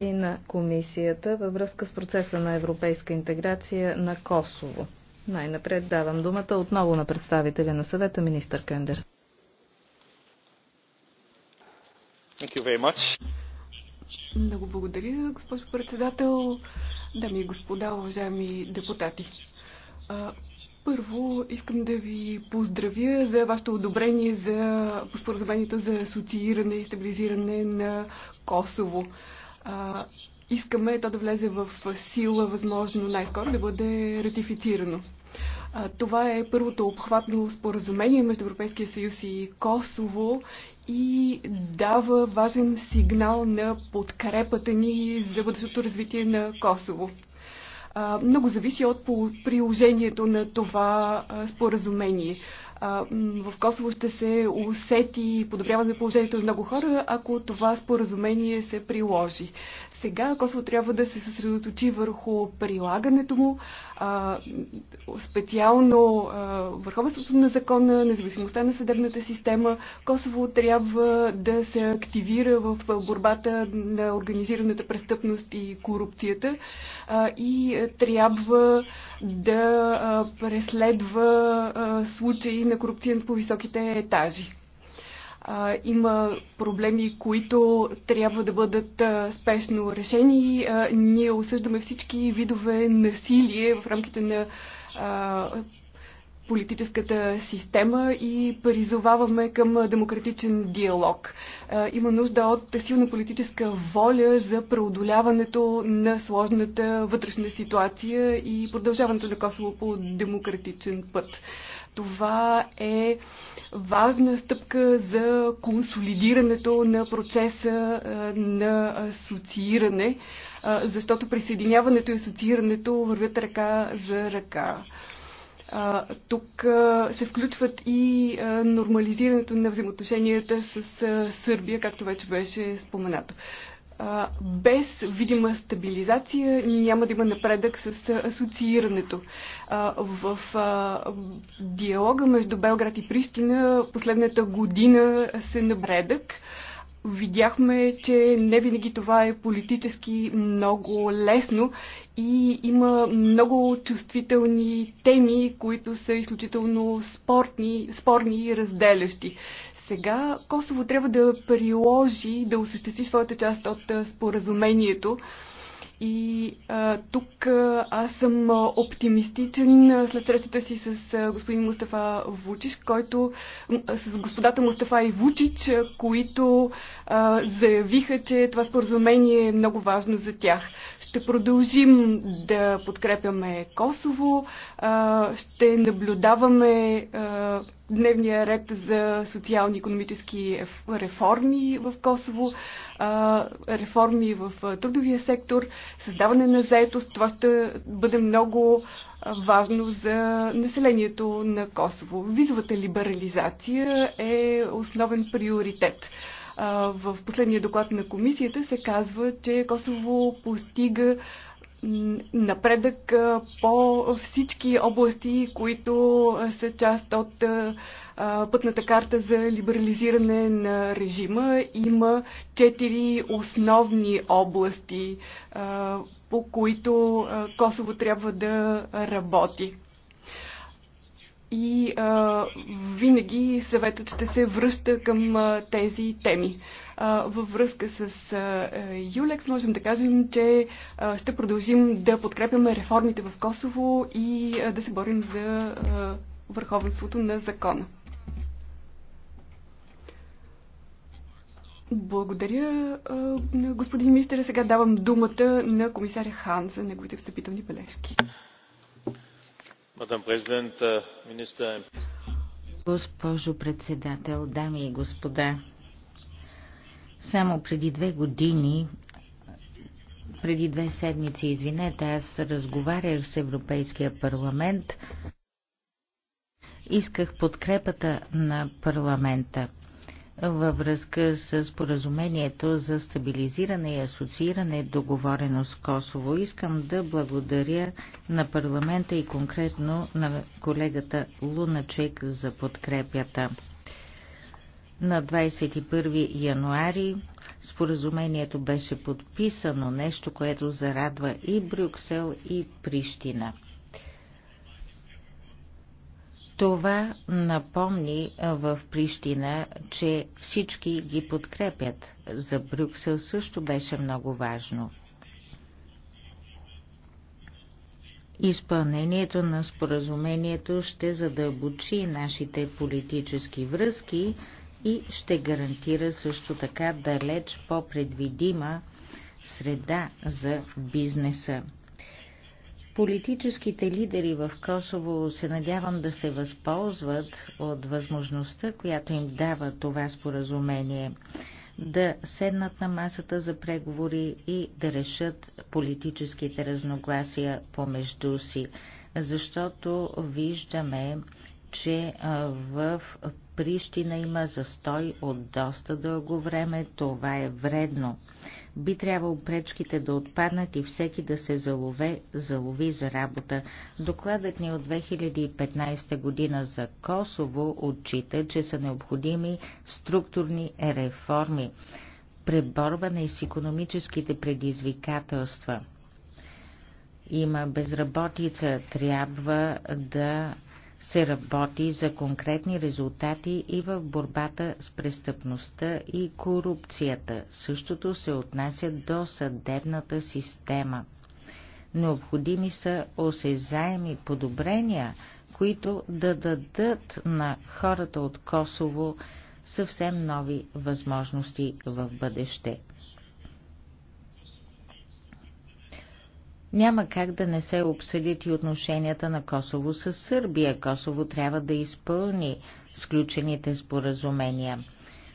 и на комисията във връзка с процеса на европейска интеграция на Косово. Най-напред давам думата отново на представителя на съвета, министър Кендерс. Много благодаря, госпожо председател, дами и господа, уважаеми депутати. Първо искам да ви поздравя за вашето одобрение за споразумението за асоцииране и стабилизиране на Косово а, искаме то да влезе в сила, възможно най-скоро да бъде ратифицирано. А, това е първото обхватно споразумение между Европейския съюз и Косово и дава важен сигнал на подкрепата ни за бъдещото развитие на Косово. А, много зависи от приложението на това а, споразумение в Косово ще се усети подобряване на положението на много хора, ако това споразумение се приложи. Сега Косово трябва да се съсредоточи върху прилагането му, специално върховенството на закона, независимостта на съдебната система. Косово трябва да се активира в борбата на организираната престъпност и корупцията и трябва да преследва случаи на корупция по високите етажи. А, има проблеми, които трябва да бъдат а, спешно решени. А, ние осъждаме всички видове насилие в рамките на а, политическата система и призоваваме към демократичен диалог. Има нужда от силна политическа воля за преодоляването на сложната вътрешна ситуация и продължаването на Косово по демократичен път това е важна стъпка за консолидирането на процеса на асоцииране, защото присъединяването и асоциирането вървят ръка за ръка. Тук се включват и нормализирането на взаимоотношенията с Сърбия, както вече беше споменато без видима стабилизация няма да има напредък с асоциирането. В диалога между Белград и Пристина последната година се напредък. Видяхме, че не винаги това е политически много лесно и има много чувствителни теми, които са изключително спортни, спорни и разделящи. Сега Косово трябва да приложи, да осъществи своята част от споразумението, и а, тук а, аз съм оптимистичен след срещата си с а, господин Мустафа Вучич, който а, с господата Мустафа и Вучич, а, които а, заявиха, че това споразумение е много важно за тях. Ще продължим да подкрепяме Косово, а, ще наблюдаваме а, дневния ред за и економически реформи в Косово реформи в трудовия сектор, създаване на заетост. Това ще бъде много важно за населението на Косово. Визовата либерализация е основен приоритет в последния доклад на комисията се казва, че Косово постига напредък по всички области, които са част от пътната карта за либерализиране на режима има четири основни области, по които Косово трябва да работи. И а, винаги съветът ще се връща към а, тези теми. А, във връзка с а, е, Юлекс можем да кажем, че а, ще продължим да подкрепяме реформите в Косово и а, да се борим за а, върховенството на закона. Благодаря, господин министър. Сега давам думата на комисаря Хан за неговите встъпителни бележки. Мадам президент, министър. Госпожо председател, дами и господа, само преди две години, преди две седмици, извинете, аз разговарях с Европейския парламент, исках подкрепата на парламента във връзка с поразумението за стабилизиране и асоцииране договорено с Косово. Искам да благодаря на парламента и конкретно на колегата Луначек за подкрепята. На 21 януари споразумението беше подписано, нещо, което зарадва и Брюксел, и Прищина – това напомни в Прищина, че всички ги подкрепят. За Брюксел също беше много важно. Изпълнението на споразумението ще задълбочи нашите политически връзки и ще гарантира също така далеч по-предвидима среда за бизнеса. Политическите лидери в Косово се надявам да се възползват от възможността, която им дава това споразумение, да седнат на масата за преговори и да решат политическите разногласия помежду си, защото виждаме, че в Прищина има застой от доста дълго време. Това е вредно. Би трябвало пречките да отпаднат и всеки да се залове, залови за работа. Докладът ни от 2015 година за Косово отчита, че са необходими структурни реформи, преборване с економическите предизвикателства. Има безработица, трябва да се работи за конкретни резултати и в борбата с престъпността и корупцията. Същото се отнася до съдебната система. Необходими са осезаеми подобрения, които да дадат на хората от Косово съвсем нови възможности в бъдеще. Няма как да не се обсъдят и отношенията на Косово с Сърбия. Косово трябва да изпълни сключените споразумения.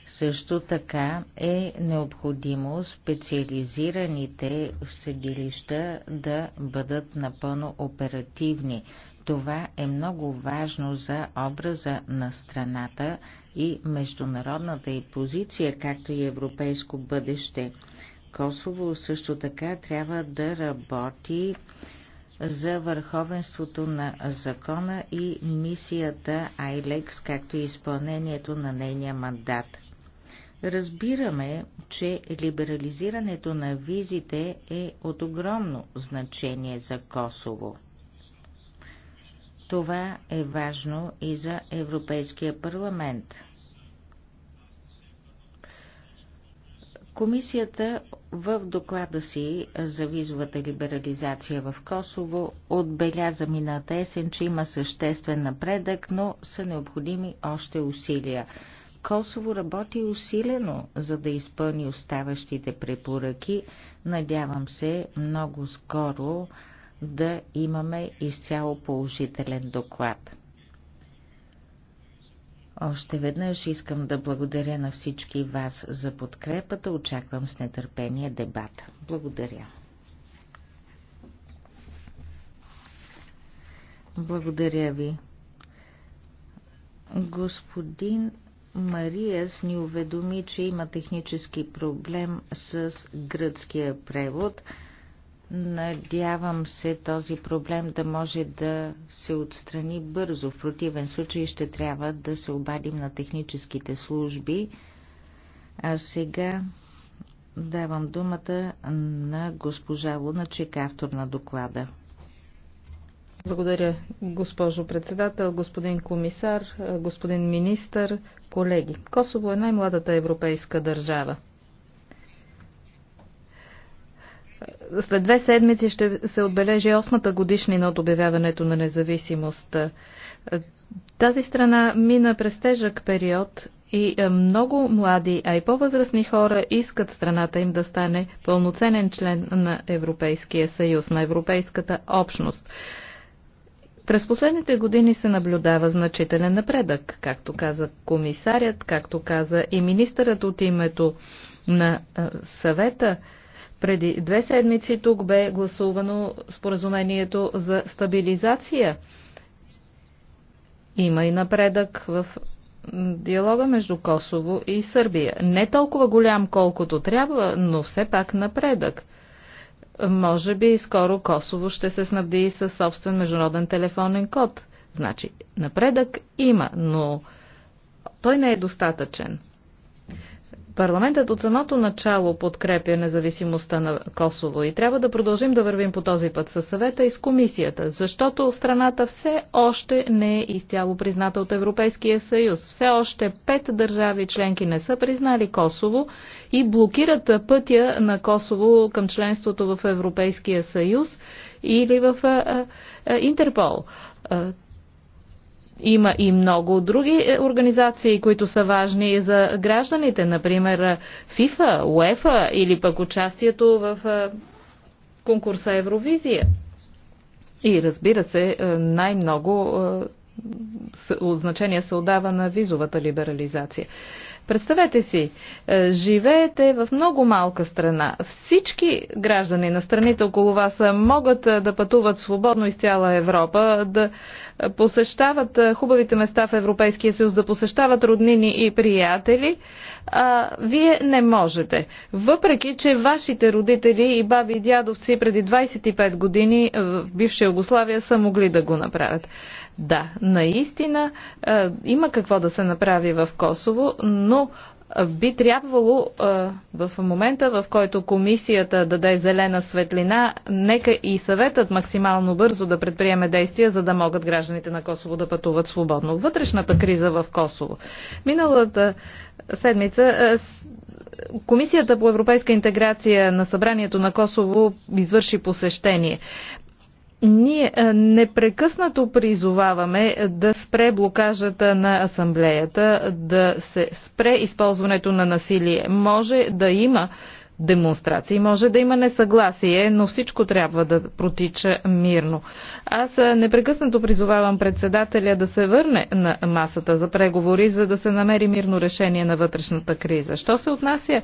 Също така е необходимо специализираните съдилища да бъдат напълно оперативни. Това е много важно за образа на страната и международната и позиция, както и европейско бъдеще. Косово също така трябва да работи за върховенството на закона и мисията Айлекс, както и изпълнението на нейния мандат. Разбираме, че либерализирането на визите е от огромно значение за Косово. Това е важно и за Европейския парламент – Комисията в доклада си за визовата либерализация в Косово отбеляза мината есен, че има съществен напредък, но са необходими още усилия. Косово работи усилено, за да изпълни оставащите препоръки. Надявам се много скоро да имаме изцяло положителен доклад. Още веднъж искам да благодаря на всички вас за подкрепата. Очаквам с нетърпение дебата. Благодаря. Благодаря ви. Господин Мариас ни уведоми, че има технически проблем с гръцкия превод. Надявам се този проблем да може да се отстрани бързо. В противен случай ще трябва да се обадим на техническите служби. А сега давам думата на госпожа Луначек, е автор на доклада. Благодаря, госпожо председател, господин комисар, господин министър, колеги. Косово е най-младата европейска държава. След две седмици ще се отбележи осмата годишнина от обявяването на независимост. Тази страна мина през тежък период и е, много млади, а и по-възрастни хора искат страната им да стане пълноценен член на Европейския съюз, на Европейската общност. През последните години се наблюдава значителен напредък, както каза комисарят, както каза и министърът от името на е, съвета. Преди две седмици тук бе гласувано споразумението за стабилизация. Има и напредък в диалога между Косово и Сърбия. Не толкова голям, колкото трябва, но все пак напредък. Може би скоро Косово ще се снабди със собствен международен телефонен код. Значи, напредък има, но той не е достатъчен. Парламентът от самото начало подкрепя независимостта на Косово и трябва да продължим да вървим по този път със съвета и с комисията, защото страната все още не е изцяло призната от Европейския съюз. Все още пет държави членки не са признали Косово и блокират пътя на Косово към членството в Европейския съюз или в Интерпол. Има и много други е, организации, които са важни за гражданите, например ФИФА, е, УЕФА или пък участието в е, конкурса Евровизия. И разбира се, най-много значение се отдава на визовата либерализация. Представете си, е, живеете в много малка страна. Всички граждани на страните около вас е, могат е, да пътуват свободно из цяла Европа, да посещават хубавите места в Европейския съюз, да посещават роднини и приятели. А, вие не можете. Въпреки, че вашите родители и баби и дядовци преди 25 години в бивша Югославия са могли да го направят. Да, наистина е, има какво да се направи в Косово, но е, би трябвало е, в момента, в който комисията даде зелена светлина, нека и съветът максимално бързо да предприеме действия, за да могат гражданите на Косово да пътуват свободно. Вътрешната криза в Косово. Миналата седмица Комисията по европейска интеграция на събранието на Косово извърши посещение. Ние е, непрекъснато призоваваме е, да спре блокажата на асамблеята, да се спре използването на насилие. Може да има демонстрации. Може да има несъгласие, но всичко трябва да протича мирно. Аз непрекъснато призовавам председателя да се върне на масата за преговори, за да се намери мирно решение на вътрешната криза. Що се отнася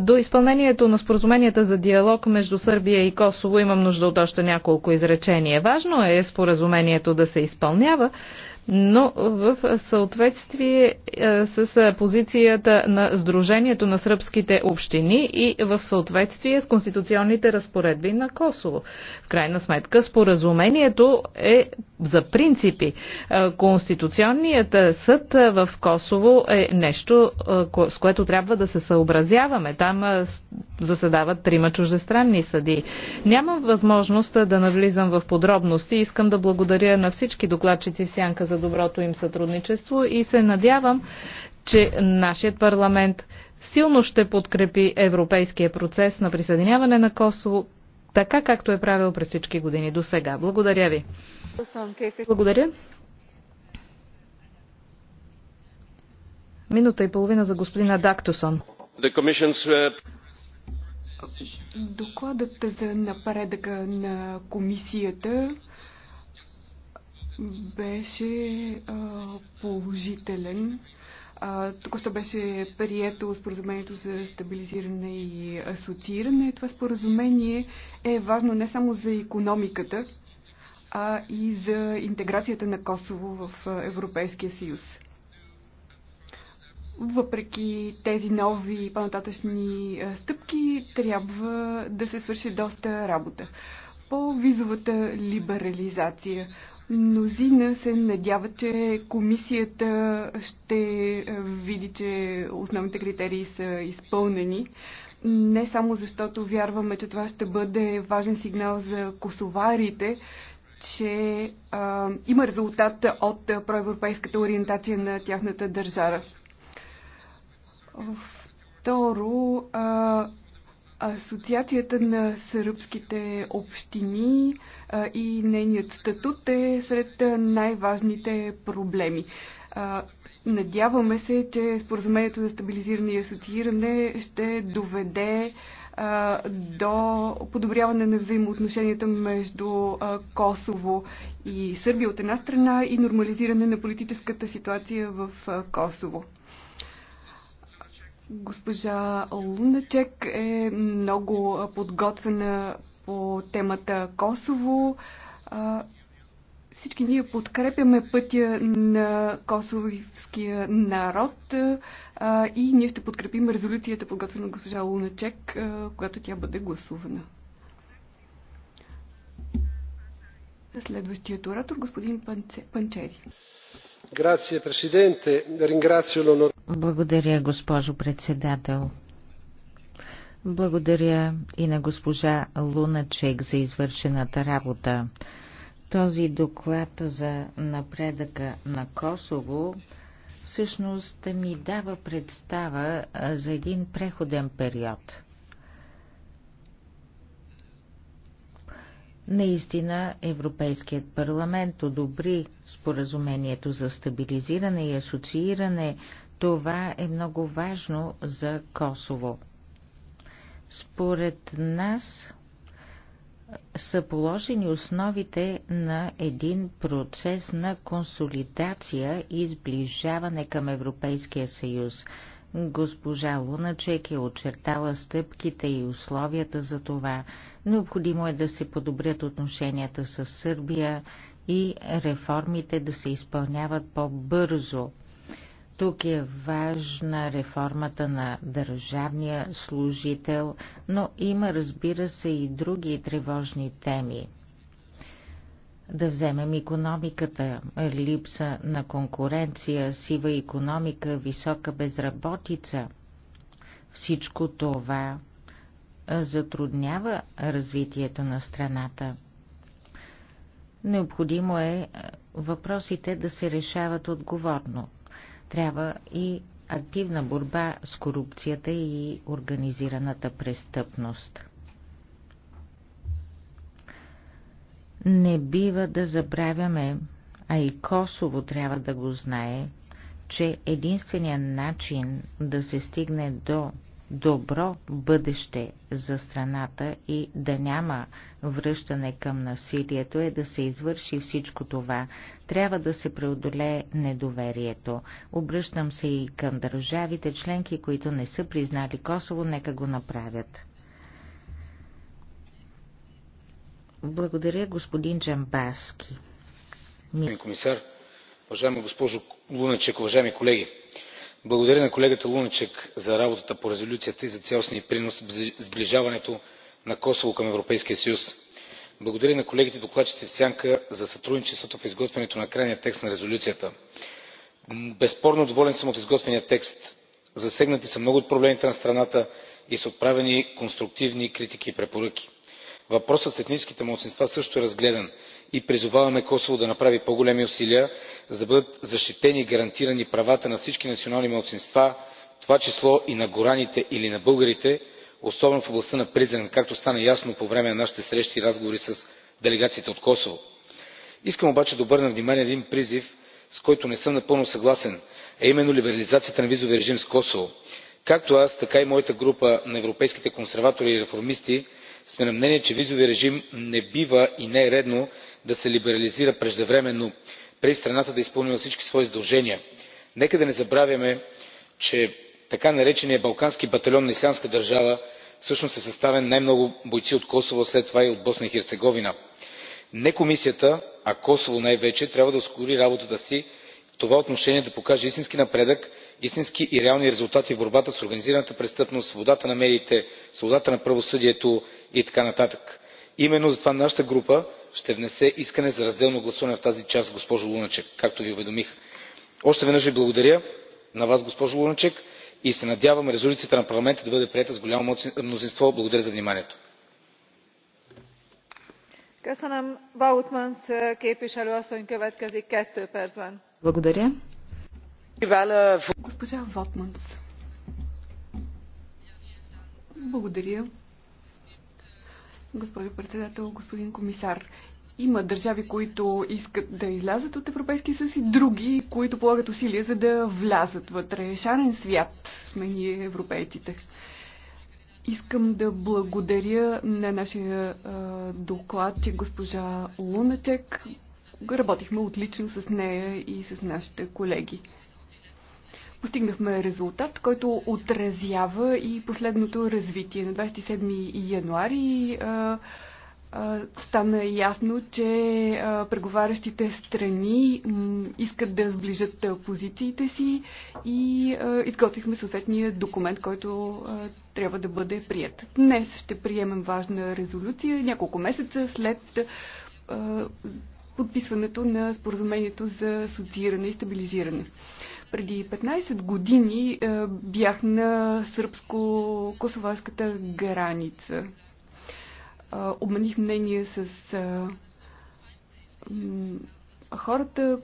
до изпълнението на споразуменията за диалог между Сърбия и Косово, имам нужда от още няколко изречения. Важно е споразумението да се изпълнява, но в съответствие е, с позицията на Сдружението на сръбските общини и в съответствие с конституционните разпоредби на Косово. В крайна сметка, споразумението е за принципи. Е, Конституционният съд в Косово е нещо, е, с което трябва да се съобразяваме. Там заседават трима чуждестранни съди. Нямам възможност да навлизам в подробности. Искам да благодаря на всички докладчици в Сянка за доброто им сътрудничество и се надявам, че нашият парламент силно ще подкрепи европейския процес на присъединяване на Косово, така както е правил през всички години до сега. Благодаря ви. Благодаря. Минута и половина за господина Дактусон. Uh, Докладът за напредъка на комисията беше а, положителен. Току-що беше прието споразумението за стабилизиране и асоцииране. Това споразумение е важно не само за економиката, а и за интеграцията на Косово в Европейския съюз. Въпреки тези нови по-нататъчни стъпки, трябва да се свърши доста работа по визовата либерализация. Мнозина се надява, че комисията ще е, види, че основните критерии са изпълнени. Не само защото вярваме, че това ще бъде важен сигнал за косоварите, че а, има резултат от проевропейската ориентация на тяхната държава. Второ, а, Асоциацията на сръбските общини и нейният статут е сред най-важните проблеми. Надяваме се, че споразумението за стабилизиране и асоцииране ще доведе до подобряване на взаимоотношенията между Косово и Сърбия от една страна и нормализиране на политическата ситуация в Косово. Госпожа Луначек е много подготвена по темата Косово. Всички ние подкрепяме пътя на косовския народ и ние ще подкрепим резолюцията, подготвена от госпожа Луначек, когато тя бъде гласувана. Следващият оратор, господин Панчери. Благодаря, госпожо председател. Благодаря и на госпожа Луначек за извършената работа. Този доклад за напредъка на Косово всъщност ни дава представа за един преходен период – Наистина Европейският парламент одобри споразумението за стабилизиране и асоцииране. Това е много важно за Косово. Според нас са положени основите на един процес на консолидация и сближаване към Европейския съюз. Госпожа Луначек е очертала стъпките и условията за това. Необходимо е да се подобрят отношенията с Сърбия и реформите да се изпълняват по-бързо. Тук е важна реформата на държавния служител, но има, разбира се, и други тревожни теми. Да вземем економиката, липса на конкуренция, сива економика, висока безработица. Всичко това затруднява развитието на страната. Необходимо е, е въпросите да се решават отговорно. Трябва и активна борба с корупцията и организираната престъпност. Не бива да забравяме, а и Косово трябва да го знае, че единственият начин да се стигне до добро бъдеще за страната и да няма връщане към насилието е да се извърши всичко това. Трябва да се преодолее недоверието. Обръщам се и към държавите членки, които не са признали Косово, нека го направят. Благодаря, господин Джамбарски. Господин комисар, уважаема госпожо Луначек, уважаеми колеги! Благодаря на колегата Луначек за работата по резолюцията и за цялостния принос в сближаването на Косово към Европейския съюз. Благодаря на колегите докладчици в сянка за сътрудничеството в изготвянето на крайния текст на резолюцията. Безспорно доволен съм от изготвения текст. Засегнати са много от проблемите на страната и са отправени конструктивни критики и препоръки въпросът с етническите малцинства също е разгледан и призоваваме косово да направи по големи усилия за да бъдат защитени и гарантирани правата на всички национални малцинства в това число и на гораните или на българите особено в областта на призрен както стана ясно по време на нашите срещи и разговори с делегацията от косово. искам обаче да обърна внимание на един призив с който не съм напълно съгласен а именно либерализацията на визовия режим с косово. както аз така и моята група на европейските консерватори и реформисти сме на мнение че визовият режим не бива и не е редно да се либерализира преждевременно преди страната да е изпълнила всички свои задължения. нека да не забравяме че така нареченият балкански батальон на ислямска държава всъщност е съставен най много бойци от косово след това и от босна и херцеговина. не комисията а косово най вече трябва да ускори работата си в това отношение да покаже истински напредък истински и реални резултати в борбата с организираната престъпност свободата на медиите свободата на правосъдието и така нататък. именно затова нашата група ще внесе искане за разделно гласуване в тази част госпожо Луначек, както ви уведомих. още веднъж ви благодаря на вас госпожо Луначек, и се надявам резолюцията на парламента да бъде приета с голямо мнозинство. благодаря за вниманието. Э, благодаря. Госпожа Вотманс. Благодаря. Госпожо председател, господин комисар, има държави, които искат да излязат от Европейския съюз и други, които полагат усилия за да влязат вътре. Шарен свят сме ние европейците. Искам да благодаря на нашия доклад, че госпожа Луначек. Работихме отлично с нея и с нашите колеги постигнахме резултат, който отразява и последното развитие. На 27 януари а, а, стана ясно, че а, преговарящите страни м, искат да сближат позициите си и а, изготвихме съответния документ, който а, трябва да бъде прият. Днес ще приемем важна резолюция няколко месеца след а, подписването на споразумението за асоцииране и стабилизиране. Преди 15 години е, бях на сръбско-косоварската граница. Е, обмених мнение с е, хората,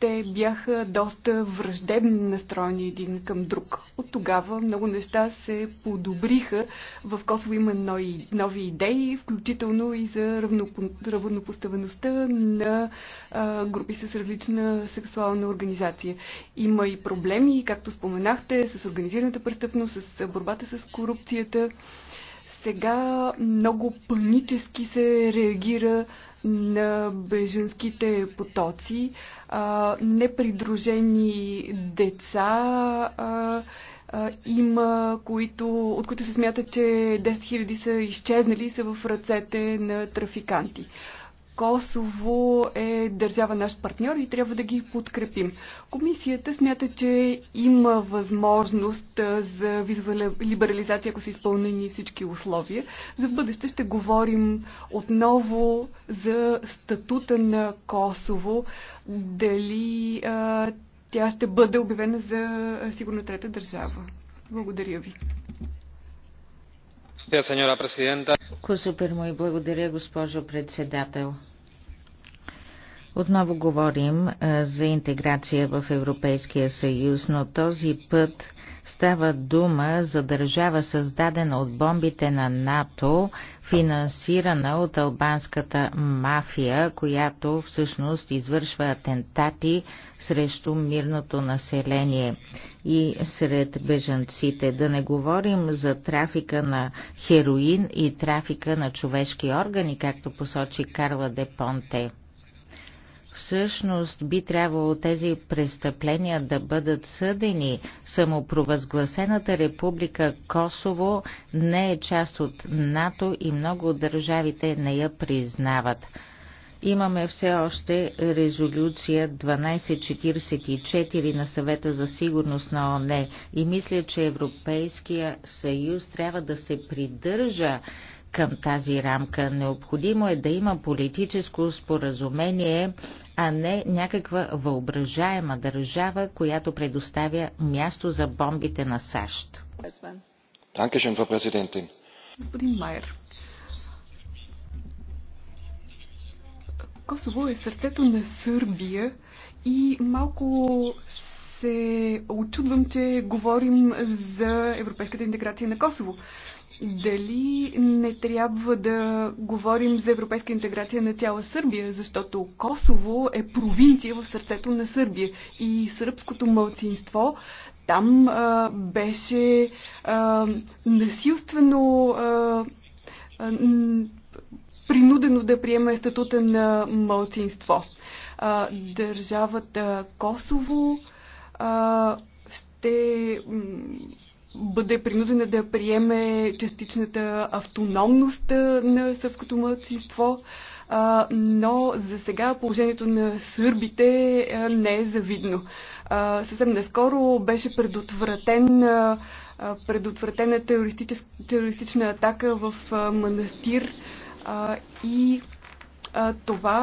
те бяха доста враждебно настроени един към друг. От тогава много неща се подобриха. В Косово има нови, нови идеи, включително и за равнопоставеността на а, групи с различна сексуална организация. Има и проблеми, както споменахте, с организираната престъпност, с борбата с корупцията. Сега много панически се реагира на беженските потоци, непридружени деца, има, които, от които се смята, че 10 000 са изчезнали и са в ръцете на трафиканти. Косово е държава наш партньор и трябва да ги подкрепим. Комисията смята, че има възможност за визова либерализация, ако са изпълнени всички условия. За бъдеще ще говорим отново за статута на Косово, дали а, тя ще бъде обявена за сигурно трета държава. Благодаря ви. Косопер му и благодаря, госпожо председател. Отново говорим за интеграция в Европейския съюз, но този път става дума за държава създадена от бомбите на НАТО, финансирана от албанската мафия, която всъщност извършва атентати срещу мирното население и сред бежанците. Да не говорим за трафика на хероин и трафика на човешки органи, както посочи Карла Депонте. Всъщност би трябвало тези престъпления да бъдат съдени. Самопровъзгласената република Косово не е част от НАТО и много от държавите не я признават. Имаме все още резолюция 1244 на съвета за сигурност на ОНЕ и мисля, че Европейския съюз трябва да се придържа към тази рамка. Необходимо е да има политическо споразумение, а не някаква въображаема държава, която предоставя място за бомбите на САЩ. Господин Майер, Косово е сърцето на Сърбия и малко се очудвам, че говорим за европейската интеграция на Косово. Дали не трябва да говорим за европейска интеграция на цяла Сърбия, защото Косово е провинция в сърцето на Сърбия и сръбското мълцинство там а, беше а, насилствено а, принудено да приема статута на мълцинство. А, държавата Косово а, ще бъде принудена да приеме частичната автономност на сърбското младсинство, но за сега положението на сърбите не е завидно. Съвсем наскоро беше предотвратен предотвратена терористична атака в манастир и това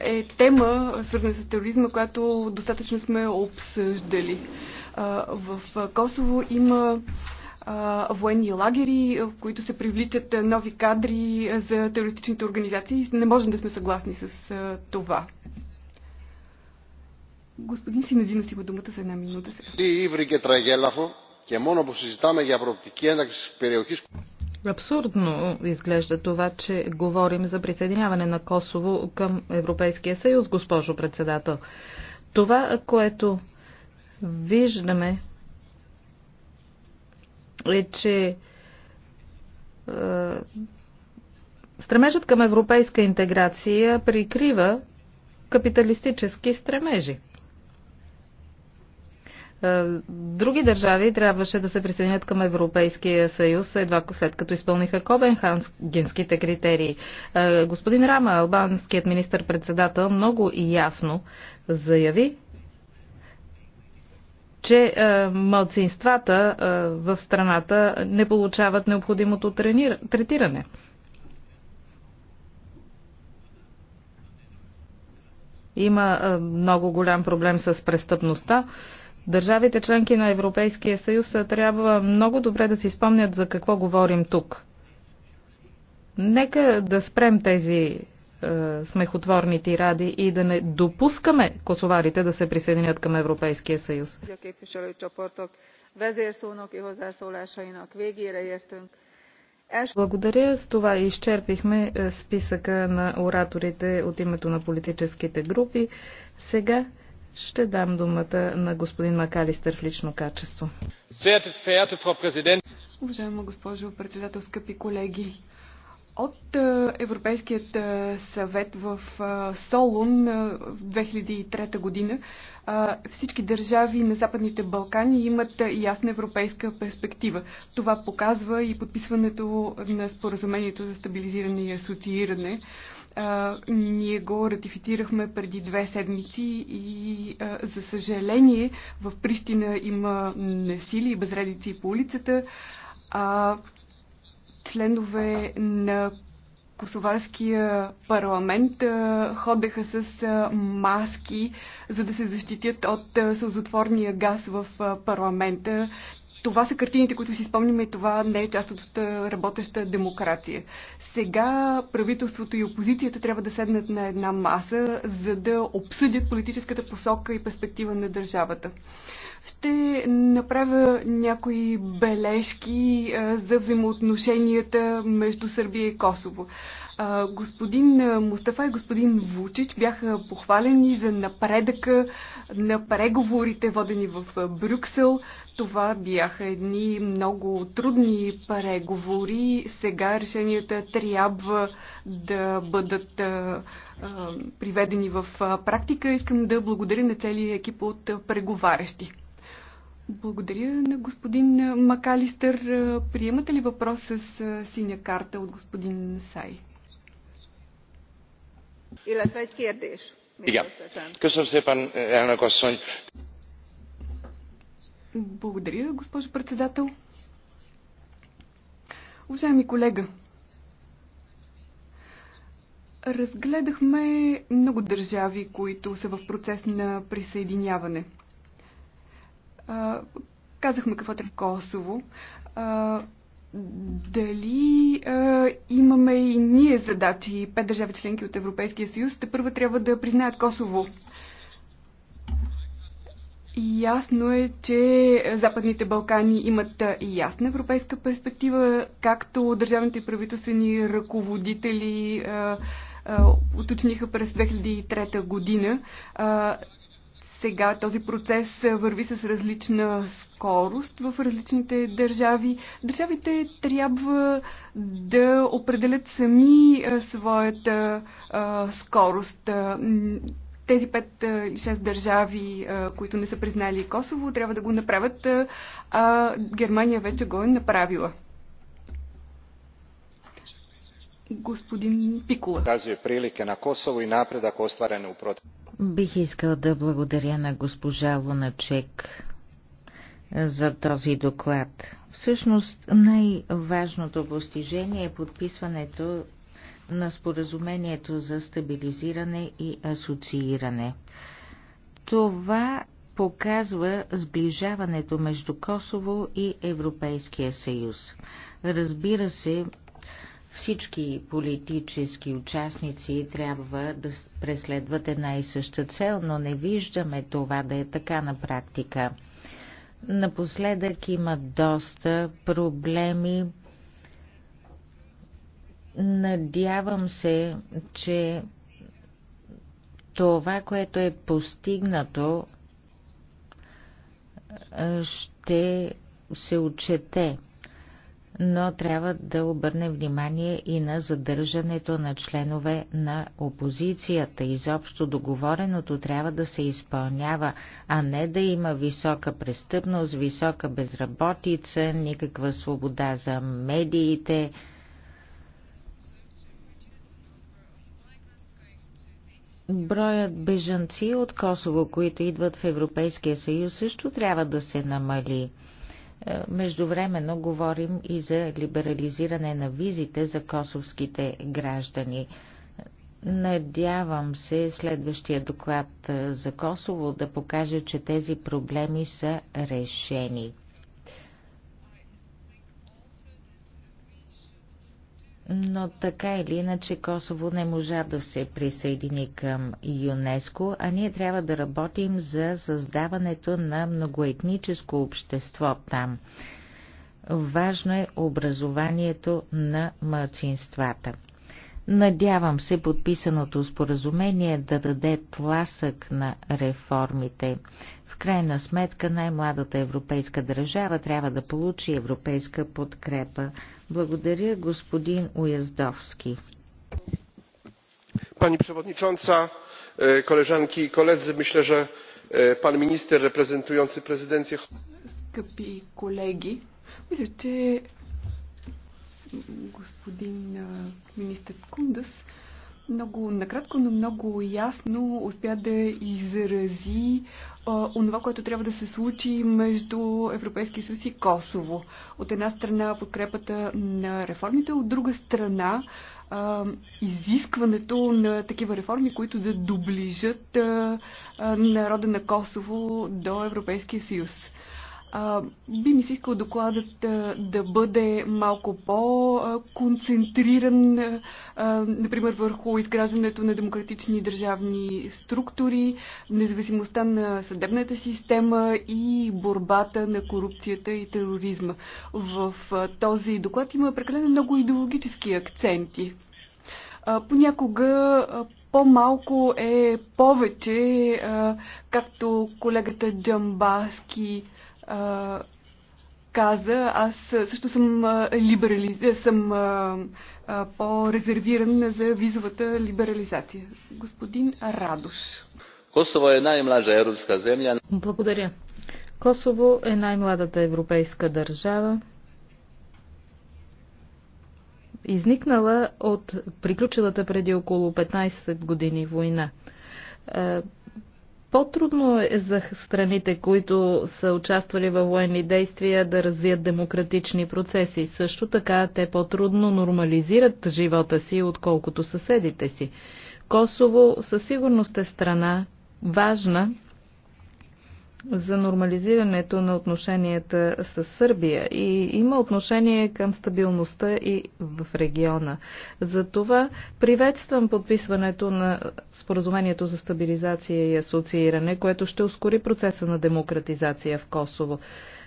е тема, свързана с тероризма, която достатъчно сме обсъждали. В Косово има военни лагери, в които се привличат нови кадри за терористичните организации. Не можем да сме съгласни с това. Господин си го думата за една минута сега. Е Абсурдно изглежда това, че говорим за присъединяване на Косово към Европейския съюз, госпожо председател. Това, което виждаме е, че е, стремежът към европейска интеграция прикрива капиталистически стремежи. Е, други държави трябваше да се присъединят към Европейския съюз едва след като изпълниха кобенхангенските критерии. Е, господин Рама, албанският министр-председател, много и ясно заяви, че е, мълцинствата е, в страната не получават необходимото тренир... третиране. Има е, много голям проблем с престъпността. Държавите членки на Европейския съюз трябва много добре да си спомнят за какво говорим тук. Нека да спрем тези е, смехотворни тиради и да не допускаме косоварите да се присъединят към Европейския съюз. Благодаря. С това изчерпихме е, списъка на ораторите от името на политическите групи. Сега ще дам думата на господин Макалистър в лично качество. Уважаема госпожо председател, скъпи колеги, от е, Европейският е, съвет в е, Солун в 2003 година всички държави на Западните Балкани имат ясна европейска перспектива. Това показва и подписването на споразумението за стабилизиране и асоцииране. Ние го ратифицирахме преди две седмици и за съжаление в Прищина има насилие и безредици по улицата членове на Косоварския парламент ходеха с маски, за да се защитят от сълзотворния газ в парламента. Това са картините, които си спомняме и това не е част от работеща демокрация. Сега правителството и опозицията трябва да седнат на една маса, за да обсъдят политическата посока и перспектива на държавата. Ще направя някои бележки за взаимоотношенията между Сърбия и Косово. Господин Мустафа и господин Вучич бяха похвалени за напредъка на преговорите, водени в Брюксел. Това бяха едни много трудни преговори. Сега решенията трябва да бъдат приведени в практика. Искам да благодаря на целия екип от преговарящи. Благодаря на господин Макалистър. Приемате ли въпрос с синя карта от господин Сай? Е е е, Благодаря, госпожо председател. Уважаеми колега, разгледахме много държави, които са в процес на присъединяване – а, казахме какво е Косово. А, дали а, имаме и ние задачи, пет държави членки от Европейския съюз, те първо трябва да признаят Косово. Ясно е, че Западните Балкани имат ясна европейска перспектива, както държавните правителствени ръководители а, а, уточниха през 2003 година. А, сега този процес върви с различна скорост в различните държави. Държавите трябва да определят сами своята скорост тези 5 или 6 държави, които не са признали Косово, трябва да го направят, а Германия вече го е направила. Господин Пикула. Казва прилике на Косово и напредък остварен у Бих искал да благодаря на госпожа Луначек за този доклад. Всъщност най-важното постижение е подписването на споразумението за стабилизиране и асоцииране. Това показва сближаването между Косово и Европейския съюз. Разбира се, всички политически участници трябва да преследват една и съща цел, но не виждаме това да е така на практика. Напоследък има доста проблеми. Надявам се, че това, което е постигнато, ще се отчете но трябва да обърнем внимание и на задържането на членове на опозицията. Изобщо договореното трябва да се изпълнява, а не да има висока престъпност, висока безработица, никаква свобода за медиите. Броят бежанци от Косово, които идват в Европейския съюз, също трябва да се намали. Е, междувременно говорим и за либерализиране на визите за косовските граждани. Надявам се следващия доклад е, за Косово да покаже, че тези проблеми са решени. но така или иначе Косово не можа да се присъедини към ЮНЕСКО, а ние трябва да работим за създаването на многоетническо общество там. Важно е образованието на мълцинствата. Надявам се подписаното споразумение да даде тласък на реформите. В крайна сметка най-младата европейска държава трябва да получи европейска подкрепа. Благодаря господин Уяздовски. Пани преводничонца, колежанки и колеги, мисля, че е, пан министр, reprezentujący президенция... Скъпи колеги, мисля, че господин министър Кундас много накратко, но много ясно успя да изрази а, онова, което трябва да се случи между Европейския съюз и Косово. От една страна подкрепата на реформите, от друга страна а, изискването на такива реформи, които да доближат а, а, народа на Косово до Европейския съюз. А, би ми се искал докладът а, да бъде малко по-концентриран, например, върху изграждането на демократични държавни структури, независимостта на съдебната система и борбата на корупцията и тероризма. В а, този доклад има прекалено много идеологически акценти. А, понякога а, по-малко е повече, както колегата Джамбаски а, каза, аз също съм либерализ... съм по-резервиран за визовата либерализация. Господин Радош. Косово е най-млажа европейска земя. Благодаря. Косово е най-младата европейска държава, изникнала от приключилата преди около 15 години война. По-трудно е за страните, които са участвали във военни действия, да развият демократични процеси. Също така те по-трудно нормализират живота си, отколкото съседите си. Косово със сигурност е страна важна за нормализирането на отношенията с Сърбия и има отношение към стабилността и в региона. Затова приветствам подписването на споразумението за стабилизация и асоцииране, което ще ускори процеса на демократизация в Косово.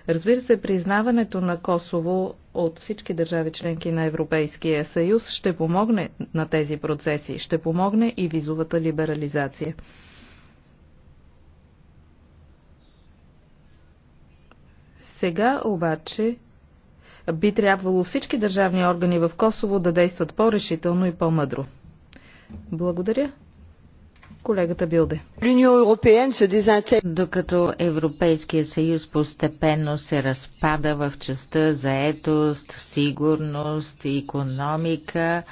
Разбира се, признаването на Косово от всички държави членки на Европейския съюз ще помогне на тези процеси, ще помогне и визовата либерализация. Сега обаче би трябвало всички държавни органи в Косово да действат по-решително и по-мъдро. Благодаря. Колегата Билде. Докато Европейския съюз постепенно се разпада в частта заетост, сигурност, економика,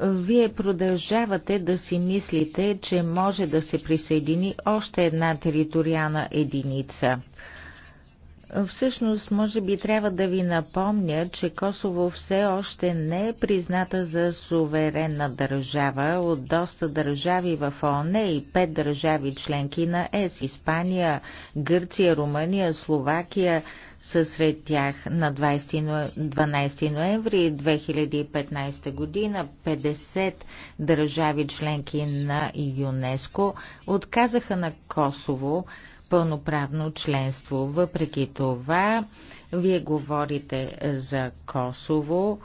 вие продължавате да си мислите, че може да се присъедини още една териториална единица – Всъщност, може би трябва да ви напомня, че Косово все още не е призната за суверенна държава от доста държави в ООН е и пет държави членки на ЕС. Испания, Гърция, Румъния, Словакия са сред тях на 20, 12 ноември 2015 година 50 държави членки на ЮНЕСКО отказаха на Косово пълноправно членство. Въпреки това, вие говорите за Косово,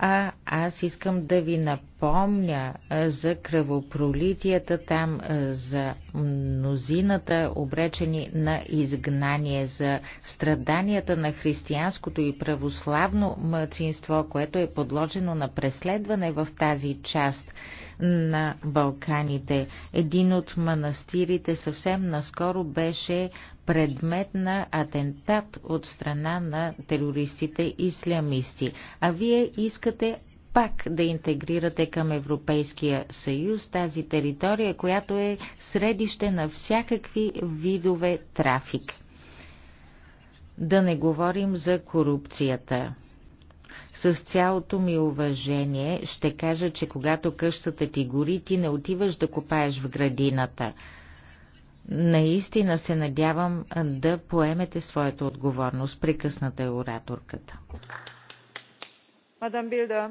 а аз искам да ви напомня за кръвопролитията там, за мнозината обречени на изгнание, за страданията на християнското и православно мъцинство, което е подложено на преследване в тази част на Балканите. Един от манастирите съвсем наскоро беше предмет на атентат от страна на терористите ислямисти. А вие искате пак да интегрирате към Европейския съюз тази територия, която е средище на всякакви видове трафик. Да не говорим за корупцията. С цялото ми уважение ще кажа, че когато къщата ти гори, ти не отиваш да копаеш в градината. Наистина се надявам да поемете своята отговорност. Прекъсната е ораторката. Мадам Билда,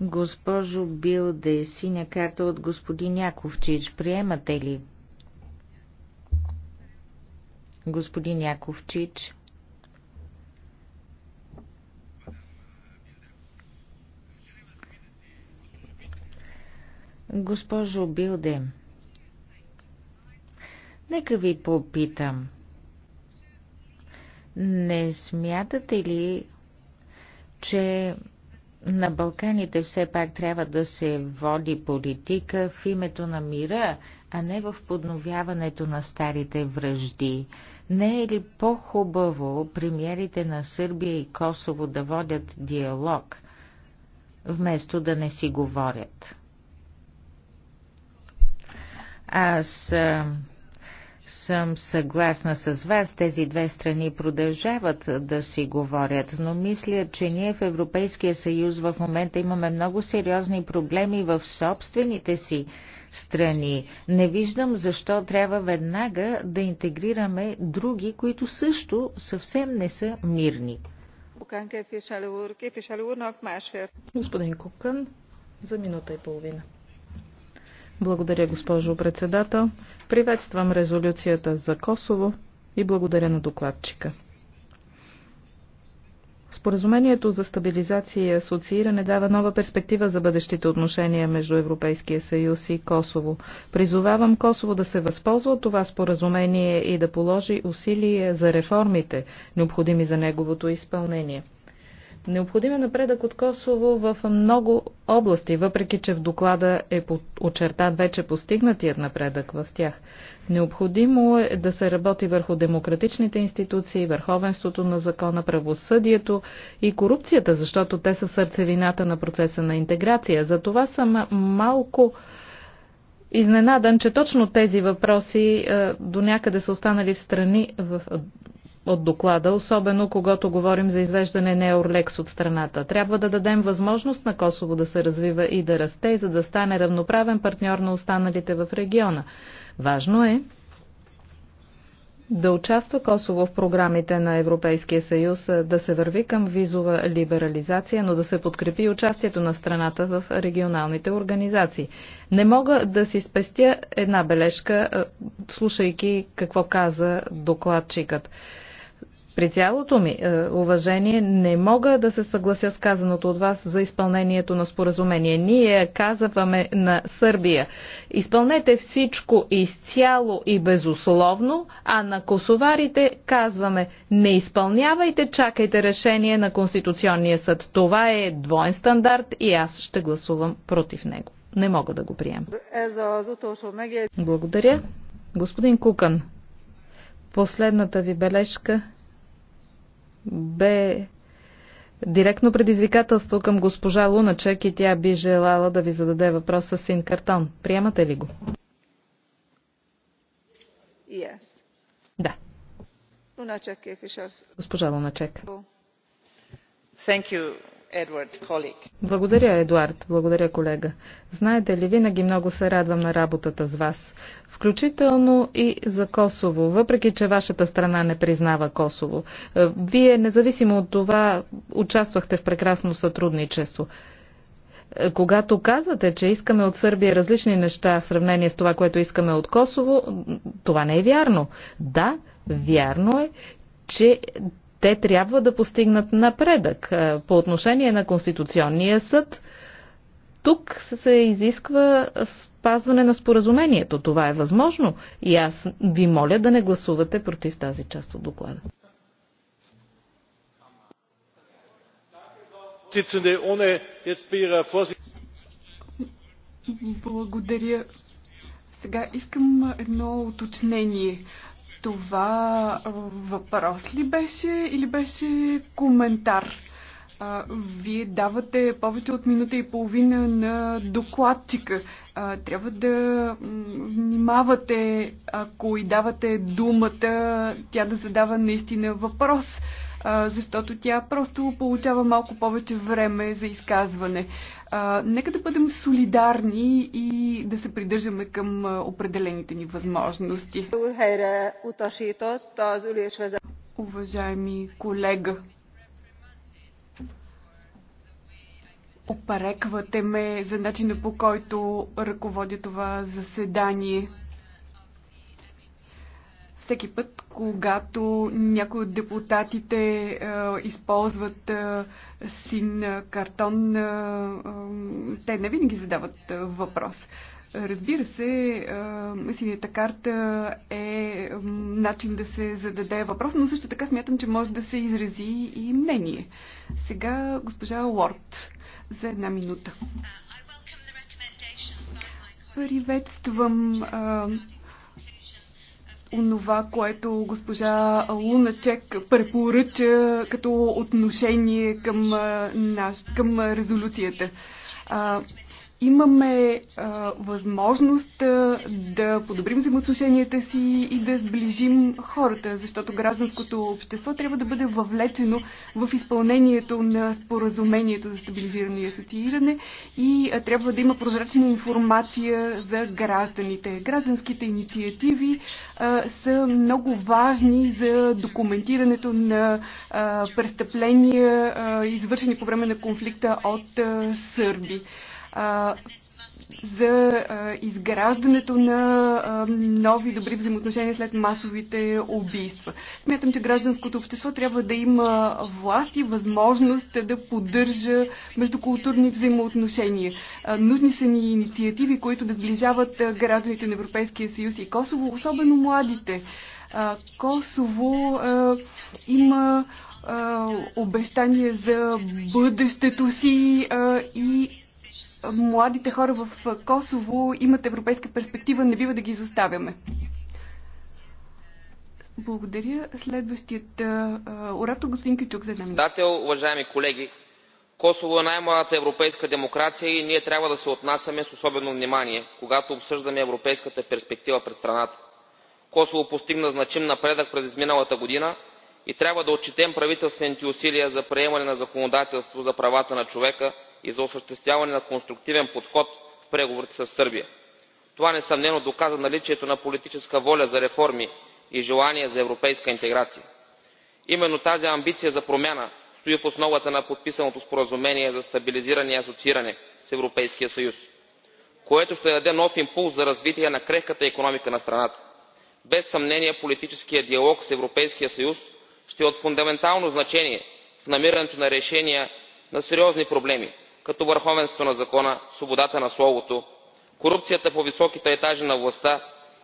Госпожо Билда е синя карта от господин Яковчич. Приемате ли? Господин Яковчич. Госпожо Билде, нека ви попитам. Не смятате ли, че на Балканите все пак трябва да се води политика в името на мира, а не в подновяването на старите връжди? Не е ли по-хубаво премиерите на Сърбия и Косово да водят диалог, вместо да не си говорят? Аз съм съгласна с вас, тези две страни продължават да си говорят, но мисля, че ние в Европейския съюз в момента имаме много сериозни проблеми в собствените си страни. Не виждам защо трябва веднага да интегрираме други, които също съвсем не са мирни. Господин Кукан, за минута и половина. Благодаря, госпожо председател. Приветствам резолюцията за Косово и благодаря на докладчика. Споразумението за стабилизация и асоцииране дава нова перспектива за бъдещите отношения между Европейския съюз и Косово. Призовавам Косово да се възползва от това споразумение и да положи усилие за реформите, необходими за неговото изпълнение. Необходим е напредък от Косово в много области, въпреки че в доклада е очертан вече постигнатият напредък в тях. Необходимо е да се работи върху демократичните институции, върховенството на закона, правосъдието и корупцията, защото те са сърцевината на процеса на интеграция. За това съм малко изненадан, че точно тези въпроси е, до някъде са останали в страни в от доклада, особено когато говорим за извеждане на Орлекс от страната. Трябва да дадем възможност на Косово да се развива и да расте, за да стане равноправен партньор на останалите в региона. Важно е да участва Косово в програмите на Европейския съюз, да се върви към визова либерализация, но да се подкрепи участието на страната в регионалните организации. Не мога да си спестя една бележка, слушайки какво каза докладчикът. При цялото ми е, уважение не мога да се съглася с казаното от вас за изпълнението на споразумение. Ние казваме на Сърбия, изпълнете всичко изцяло и безусловно, а на косоварите казваме, не изпълнявайте, чакайте решение на Конституционния съд. Това е двоен стандарт и аз ще гласувам против него. Не мога да го приемам. Благодаря. Господин Кукан, последната ви бележка бе директно предизвикателство към госпожа Луначек и тя би желала да ви зададе въпроса син картон. Приемате ли го? Yes. Да. Луначек, е госпожа Луначек. Thank you. Благодаря, Едуард. Благодаря, колега. Знаете ли, винаги много се радвам на работата с вас. Включително и за Косово, въпреки че вашата страна не признава Косово. Е, вие, независимо от това, участвахте в прекрасно сътрудничество е, когато казвате, че искаме от Сърбия различни неща в сравнение с това, което искаме от Косово, това не е вярно. Да, вярно е, че те трябва да постигнат напредък по отношение на Конституционния съд. Тук се изисква спазване на споразумението. Това е възможно и аз ви моля да не гласувате против тази част от доклада. Благодаря. Сега искам едно уточнение. Това въпрос ли беше или беше коментар? А, вие давате повече от минута и половина на докладчика. А, трябва да внимавате, ако и давате думата, тя да задава наистина въпрос защото тя просто получава малко повече време за изказване. Нека да бъдем солидарни и да се придържаме към определените ни възможности. Уважаеми колега, опареквате ме за начина по който ръководя това заседание. Всеки път, когато някои от депутатите а, е, използват а, е, син е, картон, а, а, те не винаги задават а, въпрос. Разбира се, синята карта е начин да се зададе въпрос, но също така смятам, че може да се изрази и мнение. Сега госпожа Лорд за една минута. Uh, Приветствам онова, което госпожа Луначек препоръча като отношение към, наш, към резолюцията имаме а, възможност а, да подобрим взаимоотношенията си и да сближим хората, защото гражданското общество трябва да бъде въвлечено в изпълнението на споразумението за стабилизиране и асоцииране и а, трябва да има прозрачна информация за гражданите. Гражданските инициативи а, са много важни за документирането на а, престъпления, а, извършени по време на конфликта от а, сърби за изграждането на нови добри взаимоотношения след масовите убийства. Смятам, че гражданското общество трябва да има власт и възможност да поддържа междукултурни взаимоотношения. Нужни са ни инициативи, които да сближават гражданите на Европейския съюз и Косово, особено младите. Косово има обещание за бъдещето си и младите хора в Косово имат европейска перспектива, не бива да ги изоставяме. Благодаря. Следващият оратор, господин Кичук, за една минута. Председател, уважаеми колеги, Косово е най-младата европейска демокрация и ние трябва да се отнасяме с особено внимание, когато обсъждаме европейската перспектива пред страната. Косово постигна значим напредък през изминалата година и трябва да отчетем правителствените усилия за приемане на законодателство за правата на човека, и за осъществяване на конструктивен подход в преговорите със сърбия. това несъмнено доказа наличието на политическа воля за реформи и желание за европейска интеграция. именно тази амбиция за промяна стои в основата на подписаното споразумение за стабилизиране и асоцииране с европейския съюз което ще даде нов импулс за развитие на крехката икономика на страната. без съмнение политическият диалог с европейския съюз ще е от фундаментално значение в намирането на решения на сериозни проблеми като върховенството на закона свободата на словото корупцията по високите етажи на властта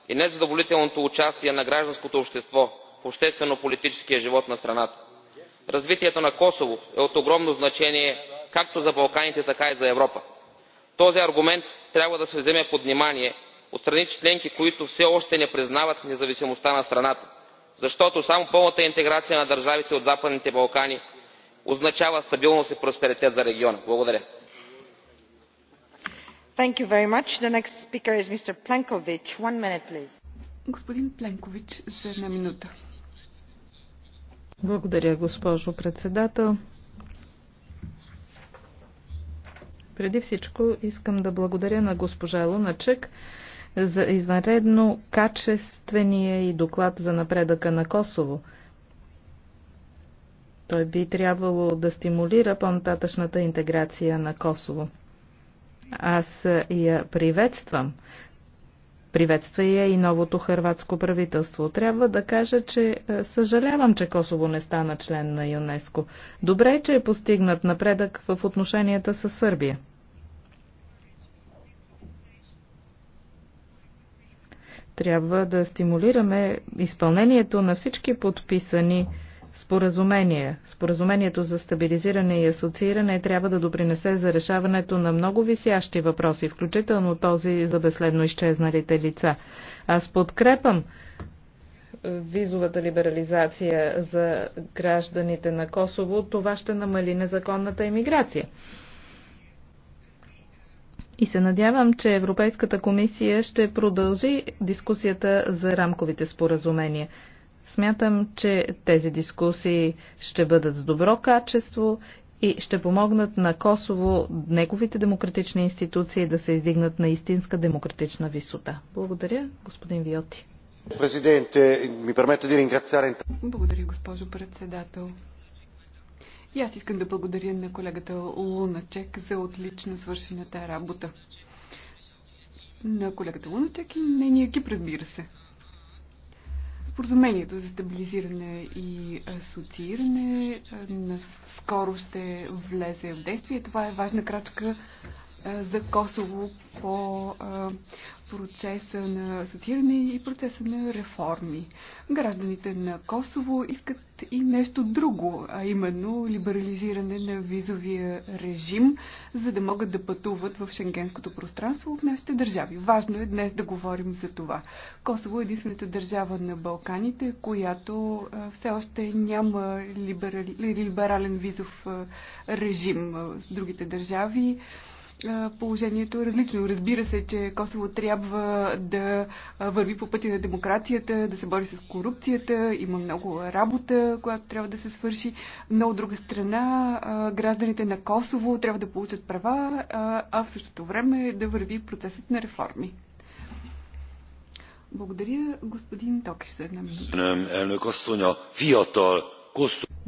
и незадоволителното участие на гражданското общество в обществено политическия живот на страната. развитието на косово е от огромно значение както за балканите така и за европа. този аргумент трябва да се вземе под внимание от страни членки които все още не признават независимостта на страната защото само пълната интеграция на държавите от западните балкани означава стабилност и просперитет за региона. благодаря. Благодаря, госпожо председател. Преди всичко искам да благодаря на госпожа Луначек за извънредно качествения и доклад за напредъка на Косово. Той би трябвало да стимулира по-нататъчната интеграция на Косово. Аз я приветствам. Приветства я и новото хърватско правителство. Трябва да кажа, че е, съжалявам, че Косово не стана член на ЮНЕСКО. Добре е, че е постигнат напредък в отношенията с Сърбия. Трябва да стимулираме изпълнението на всички подписани споразумение. Споразумението за стабилизиране и асоцииране трябва да допринесе за решаването на много висящи въпроси, включително този за безследно изчезналите лица. Аз подкрепам е, визовата либерализация за гражданите на Косово. Това ще намали незаконната емиграция. И се надявам, че Европейската комисия ще продължи дискусията за рамковите споразумения. Смятам, че тези дискусии ще бъдат с добро качество и ще помогнат на Косово неговите демократични институции да се издигнат на истинска демократична висота. Благодаря, господин Виоти. Президенте, ми permette di ringraziare... Благодаря, госпожо председател. И аз искам да благодаря на колегата Луначек за отлично свършената работа. На колегата Луначек и нейния екип, разбира се. Споразумението за стабилизиране и асоцииране скоро ще влезе в действие. Това е важна крачка за Косово по процеса на асоцииране и процеса на реформи. Гражданите на Косово искат и нещо друго, а именно либерализиране на визовия режим, за да могат да пътуват в шенгенското пространство в нашите държави. Важно е днес да говорим за това. Косово е единствената държава на Балканите, която все още няма либерален визов режим с другите държави положението е различно. Разбира се, че Косово трябва да върви по пътя на демокрацията, да се бори с корупцията, има много работа, която трябва да се свърши, но от друга страна гражданите на Косово трябва да получат права, а в същото време да върви процесът на реформи. Благодаря, господин Токиш, за една минута.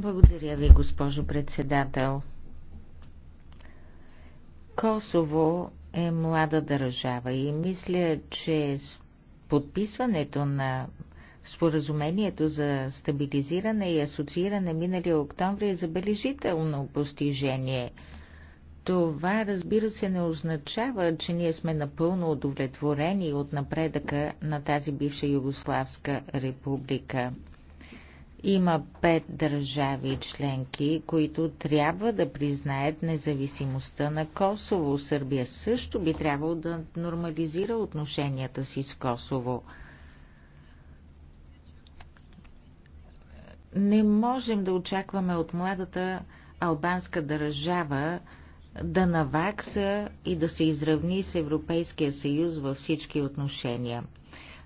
Благодаря ви, госпожо председател. Косово е млада държава и мисля, че с подписването на споразумението за стабилизиране и асоцииране миналия октомври е забележително постижение. Това, разбира се, не означава, че ние сме напълно удовлетворени от напредъка на тази бивша Югославска република. Има пет държави членки, които трябва да признаят независимостта на Косово. Сърбия също би трябвало да нормализира отношенията си с Косово. Не можем да очакваме от младата албанска държава да навакса и да се изравни с Европейския съюз във всички отношения.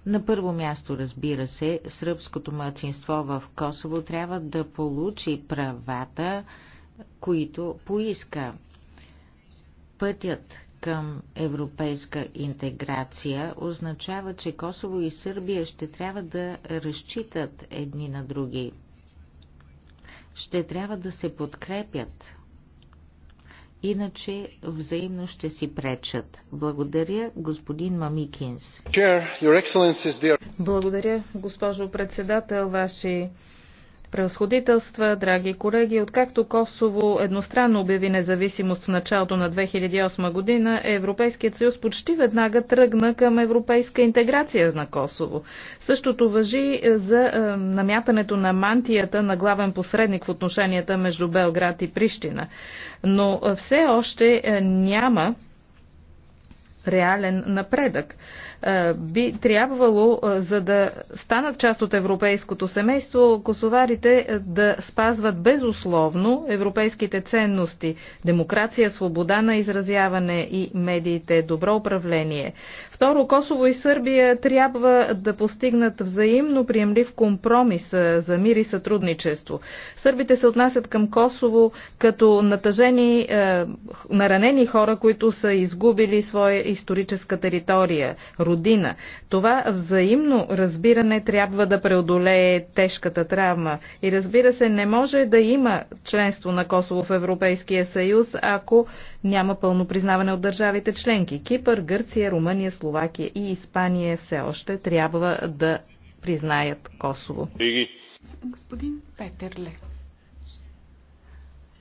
На първо място, разбира се, сръбското младсинство в Косово трябва да получи правата, които поиска. Пътят към европейска интеграция означава, че Косово и Сърбия ще трябва да разчитат едни на други. Ще трябва да се подкрепят Иначе взаимно ще си пречат. Благодаря, господин Мамикинс. Благодаря, госпожо председател, ваши Превъзходителства, драги колеги, откакто Косово едностранно обяви независимост в началото на 2008 година, Европейският съюз почти веднага тръгна към европейска интеграция на Косово. Същото въжи е, за е, намятането на мантията на главен посредник в отношенията между Белград и Прищина. Но е, все още е, няма реален напредък. Е, би трябвало, е, за да станат част от европейското семейство, косоварите е, да спазват безусловно европейските ценности – демокрация, свобода на изразяване и медиите, добро управление. Второ, Косово и Сърбия трябва да постигнат взаимно приемлив компромис за мир и сътрудничество. Сърбите се отнасят към Косово като натъжени, наранени хора, които са изгубили своя историческа територия родина. Това взаимно разбиране трябва да преодолее тежката травма. И разбира се, не може да има членство на Косово в Европейския съюз, ако няма пълно признаване от държавите членки. Кипър, Гърция, Румъния, Словакия и Испания все още трябва да признаят Косово. Господин Петерле.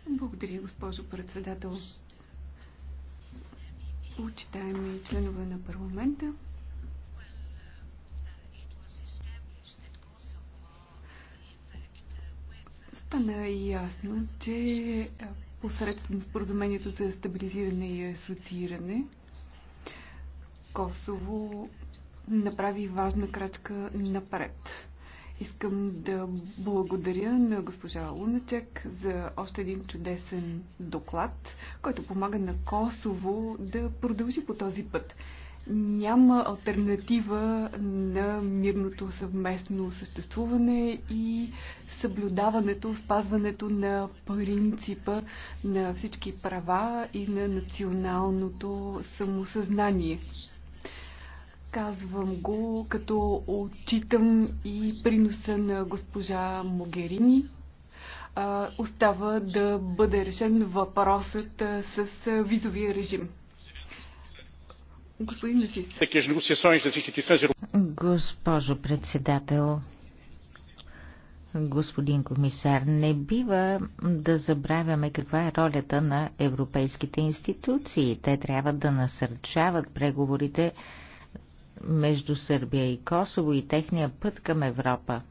Благодаря, госпожо председател. Учитаеми членове на парламента, Стана ясно, че е, посредством споразумението за стабилизиране и асоцииране Косово направи важна крачка напред. Искам да благодаря на госпожа Луначек за още един чудесен доклад, който помага на Косово да продължи по този път няма альтернатива на мирното съвместно съществуване и съблюдаването, спазването на принципа на всички права и на националното самосъзнание. Казвам го, като отчитам и приноса на госпожа Могерини. Остава да бъде решен въпросът с визовия режим. Господин Госпожо председател, господин комисар, не бива да забравяме каква е ролята на европейските институции. Те трябва да насърчават преговорите между Сърбия и Косово и техния път към Европа.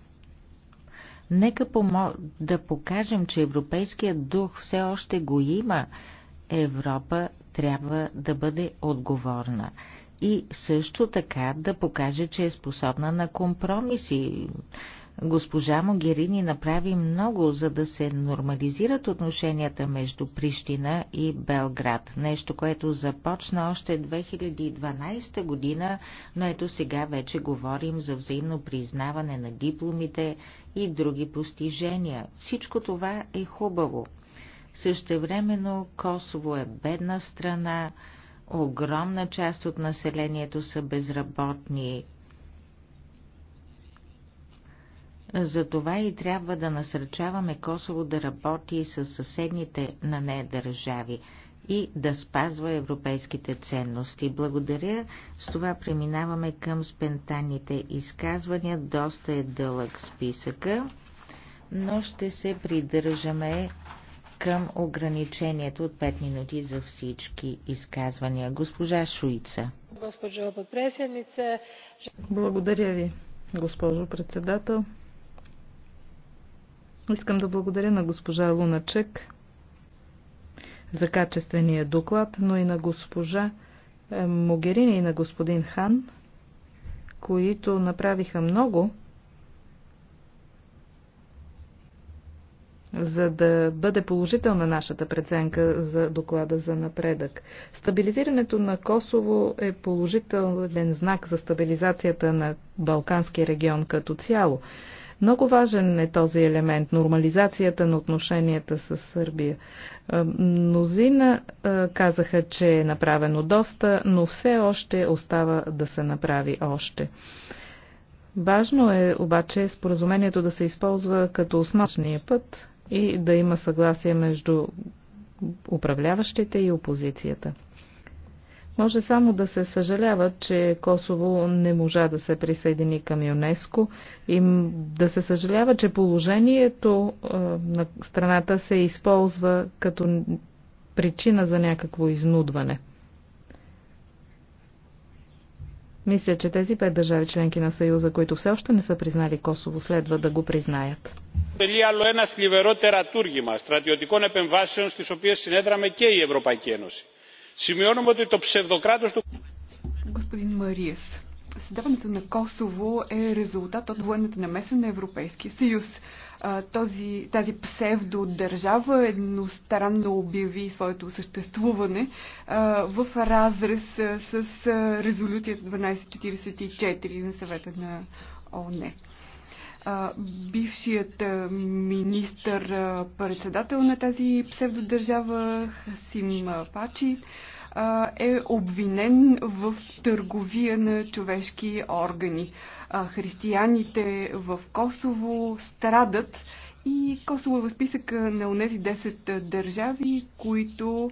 Нека помо... да покажем, че европейският дух все още го има. Европа трябва да бъде отговорна и също така да покаже, че е способна на компромиси. Госпожа Могерини направи много, за да се нормализират отношенията между Прищина и Белград. Нещо, което започна още 2012 година, но ето сега вече говорим за взаимно признаване на дипломите и други постижения. Всичко това е хубаво. Същевременно Косово е бедна страна, огромна част от населението са безработни. Затова и трябва да насърчаваме Косово да работи с съседните на нея държави и да спазва европейските ценности. Благодаря. С това преминаваме към спентанните изказвания. Доста е дълъг списъка, но ще се придържаме към ограничението от 5 минути за всички изказвания. Госпожа Шуица. Госпожо подпредседнице. Благодаря ви, госпожо председател. Искам да благодаря на госпожа Луначек за качествения доклад, но и на госпожа е, Могерини и на господин Хан, които направиха много, за да бъде положителна нашата преценка за доклада за напредък. Стабилизирането на Косово е положителен знак за стабилизацията на Балкански регион като цяло. Много важен е този елемент нормализацията на отношенията с Сърбия. Мнозина казаха, че е направено доста, но все още остава да се направи още. Важно е обаче споразумението да се използва като основния път и да има съгласие между управляващите и опозицията. Може само да се съжалява, че Косово не можа да се присъедини към ЮНЕСКО и да се съжалява, че положението е, на страната се използва като причина за някакво изнудване. Мисля, че тези пет държави членки на Съюза, които все още не са признали Косово, следва да го признаят. Τελεί άλλο ένα θλιβερό τερατούργημα στρατιωτικών επεμβάσεων στις οποίες συνέδραμε και η Ευρωπαϊκή Ένωση. Σημειώνουμε ότι το ψευδοκράτος του... Господин Мариес, Създаването на Косово е резултат от военната намеса на Европейския съюз. Този, тази псевдодържава едностранно обяви своето съществуване в разрез с резолюцията 1244 на съвета на ОНЕ бившият министър-председател на тази псевдодържава Хасим Пачи е обвинен в търговия на човешки органи. Християните в Косово страдат и Косово е в списък на тези 10 държави, които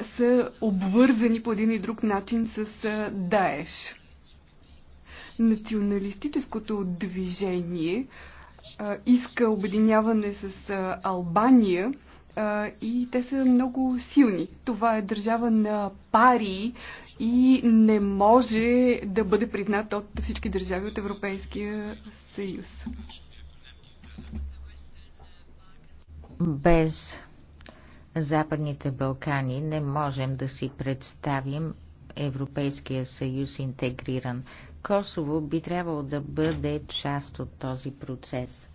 са обвързани по един и друг начин с Даеш. Националистическото движение иска обединяване с Албания и те са много силни. Това е държава на пари и не може да бъде признат от всички държави от Европейския съюз. Без Западните Балкани не можем да си представим Европейския съюз интегриран. Косово би трябвало да бъде част от този процес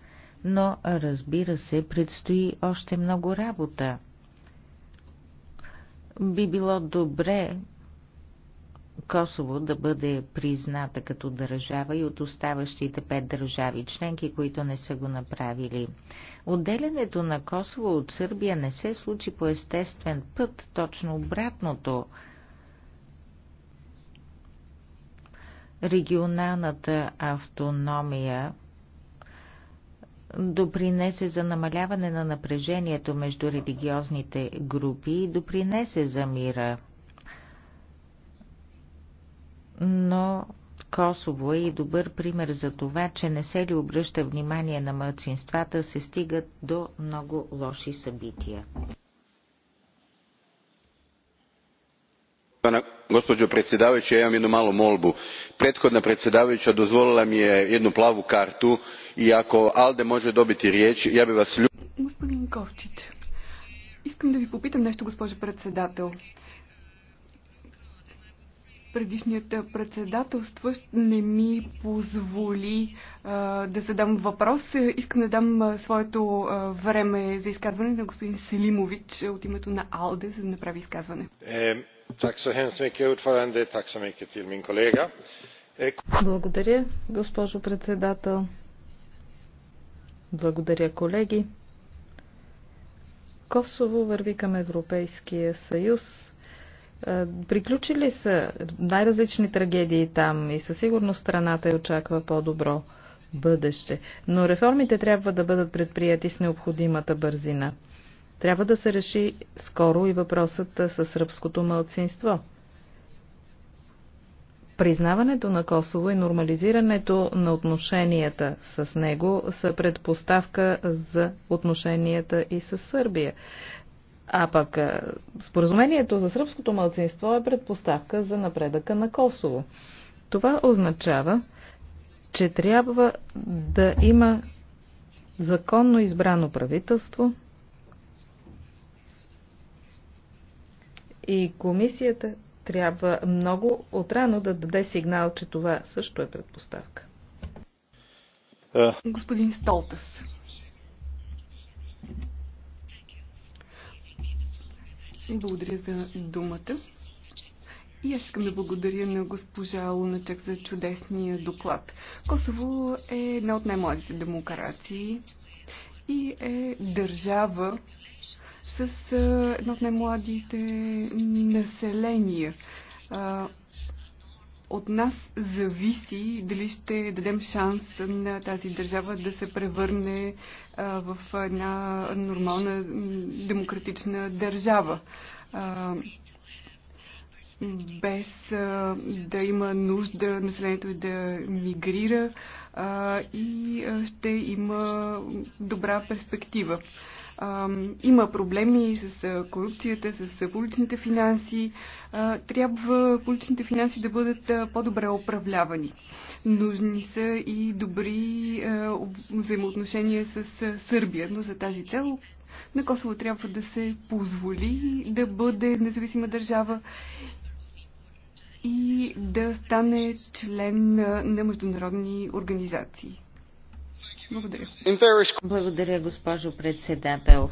но разбира се, предстои още много работа. Би било добре Косово да бъде призната като държава и от оставащите пет държави членки, които не са го направили. Отделянето на Косово от Сърбия не се случи по естествен път, точно обратното. Регионалната автономия допринесе за намаляване на напрежението между религиозните групи и допринесе за мира. Но Косово е и добър пример за това, че не се ли обръща внимание на мълцинствата, се стигат до много лоши събития gospođo predsjednice imam jednu malu molbu. prethodna predsjedavajuća dozvolila mi je jednu plavu kartu i ako alde može dobiti riječ ja bih vas ljubazno. искам да ви попитам нещо госпожо председател. Предишният председателстващ не ми позволи а, да задам въпрос. Искам да дам своето а, време за изказване на господин Селимович от името на АЛДЕ, за да направи изказване. Е... Eh, Благодаря, госпожо председател. Благодаря, колеги. Косово върви към Европейския съюз. Е, приключили са най-различни трагедии там и със сигурност страната я очаква по-добро бъдеще. Но реформите трябва да бъдат предприяти с необходимата бързина. Трябва да се реши скоро и въпросът с сръбското мълцинство. Признаването на Косово и нормализирането на отношенията с него са предпоставка за отношенията и с Сърбия. А пък споразумението за сръбското мълцинство е предпоставка за напредъка на Косово. Това означава, че трябва да има законно избрано правителство, И комисията трябва много отрано да даде сигнал, че това също е предпоставка. Е. Господин Столтас. Благодаря за думата. И аз искам да благодаря на госпожа Луначек за чудесния доклад. Косово е една от най-младите демокрации и е държава, с а, едно от най-младите населения. А, от нас зависи дали ще дадем шанс на тази държава да се превърне а, в една нормална демократична държава. А, без а, да има нужда населението да мигрира а, и а, ще има добра перспектива. А, има проблеми с корупцията, с публичните финанси. трябва публичните финанси да бъдат по-добре управлявани. Нужни са и добри взаимоотношения с Сърбия, но за тази цел на Косово трябва да се позволи да бъде независима държава и да стане член на международни организации. Благодаря. Благодаря, госпожо председател.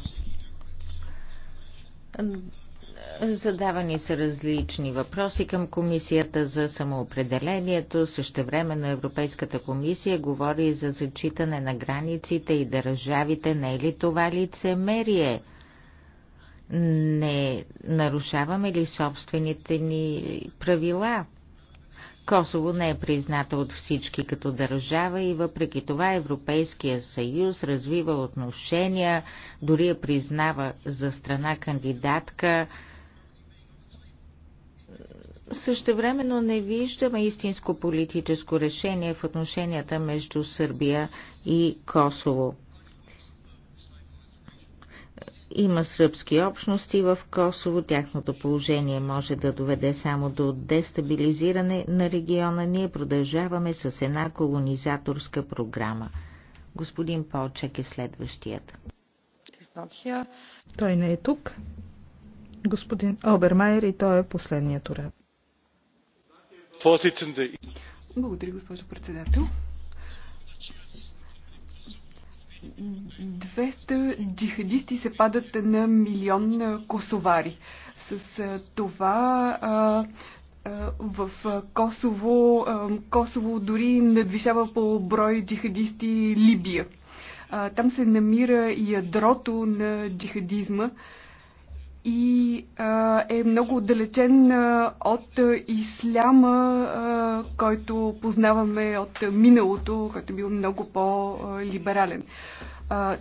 Задавани са различни въпроси към Комисията за самоопределението. Същевременно Европейската комисия говори за зачитане на границите и държавите. Не е ли това лицемерие? Не нарушаваме ли собствените ни правила? Косово не е призната от всички като държава и въпреки това Европейския съюз развива отношения, дори я признава за страна кандидатка. Същевременно не виждаме истинско политическо решение в отношенията между Сърбия и Косово. Има сръбски общности в Косово, тяхното положение може да доведе само до дестабилизиране на региона. Ние продължаваме с една колонизаторска програма. Господин Полчек е следващият. Той не е тук. Господин Обермайер и той е последният уред. Благодаря, госпожо председател. 200 джихадисти се падат на милион косовари. С това а, а, в Косово, а, Косово дори надвишава по брой джихадисти Либия. Там се намира ядрото на джихадизма и а, е много отдалечен а, от исляма, а, който познаваме от миналото, който е бил много по-либерален.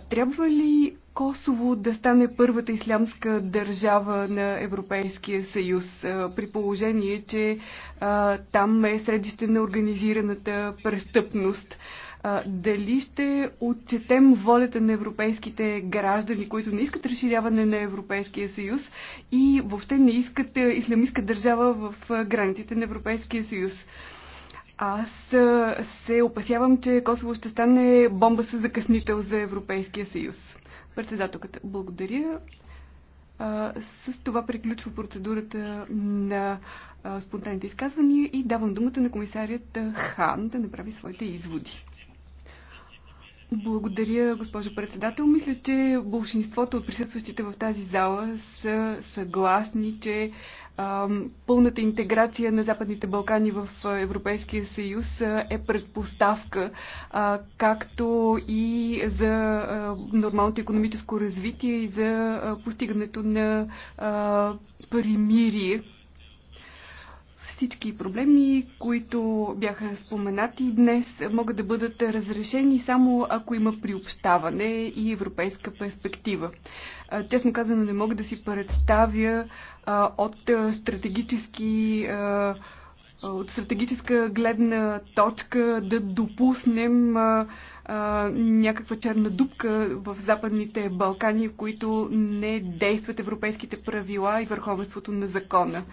трябва ли Косово да стане първата ислямска държава на Европейския съюз, а, при положение, че а, там е средище на организираната престъпност? А, дали ще отчетем волята на европейските граждани, които не искат разширяване на Европейския съюз и въобще не искат исламистка държава в границите на Европейския съюз. Аз се опасявам, че Косово ще стане бомба с закъснител за Европейския съюз. Председателката, благодаря. А, с това приключва процедурата на а, спонтанните изказвания и давам думата на комисарият Хан да направи своите изводи. Благодаря, госпожо председател. Мисля, че большинството от присъстващите в тази зала са съгласни, че ам, пълната интеграция на Западните Балкани в Европейския съюз е предпоставка, а, както и за а, нормалното економическо развитие и за а, постигането на а, примирие, всички проблеми, които бяха споменати днес, могат да бъдат разрешени само ако има приобщаване и европейска перспектива. Честно казано, не мога да си представя от стратегически от стратегическа гледна точка да допуснем а, а, някаква черна дупка в Западните Балкани, в които не действат европейските правила и върховенството на закона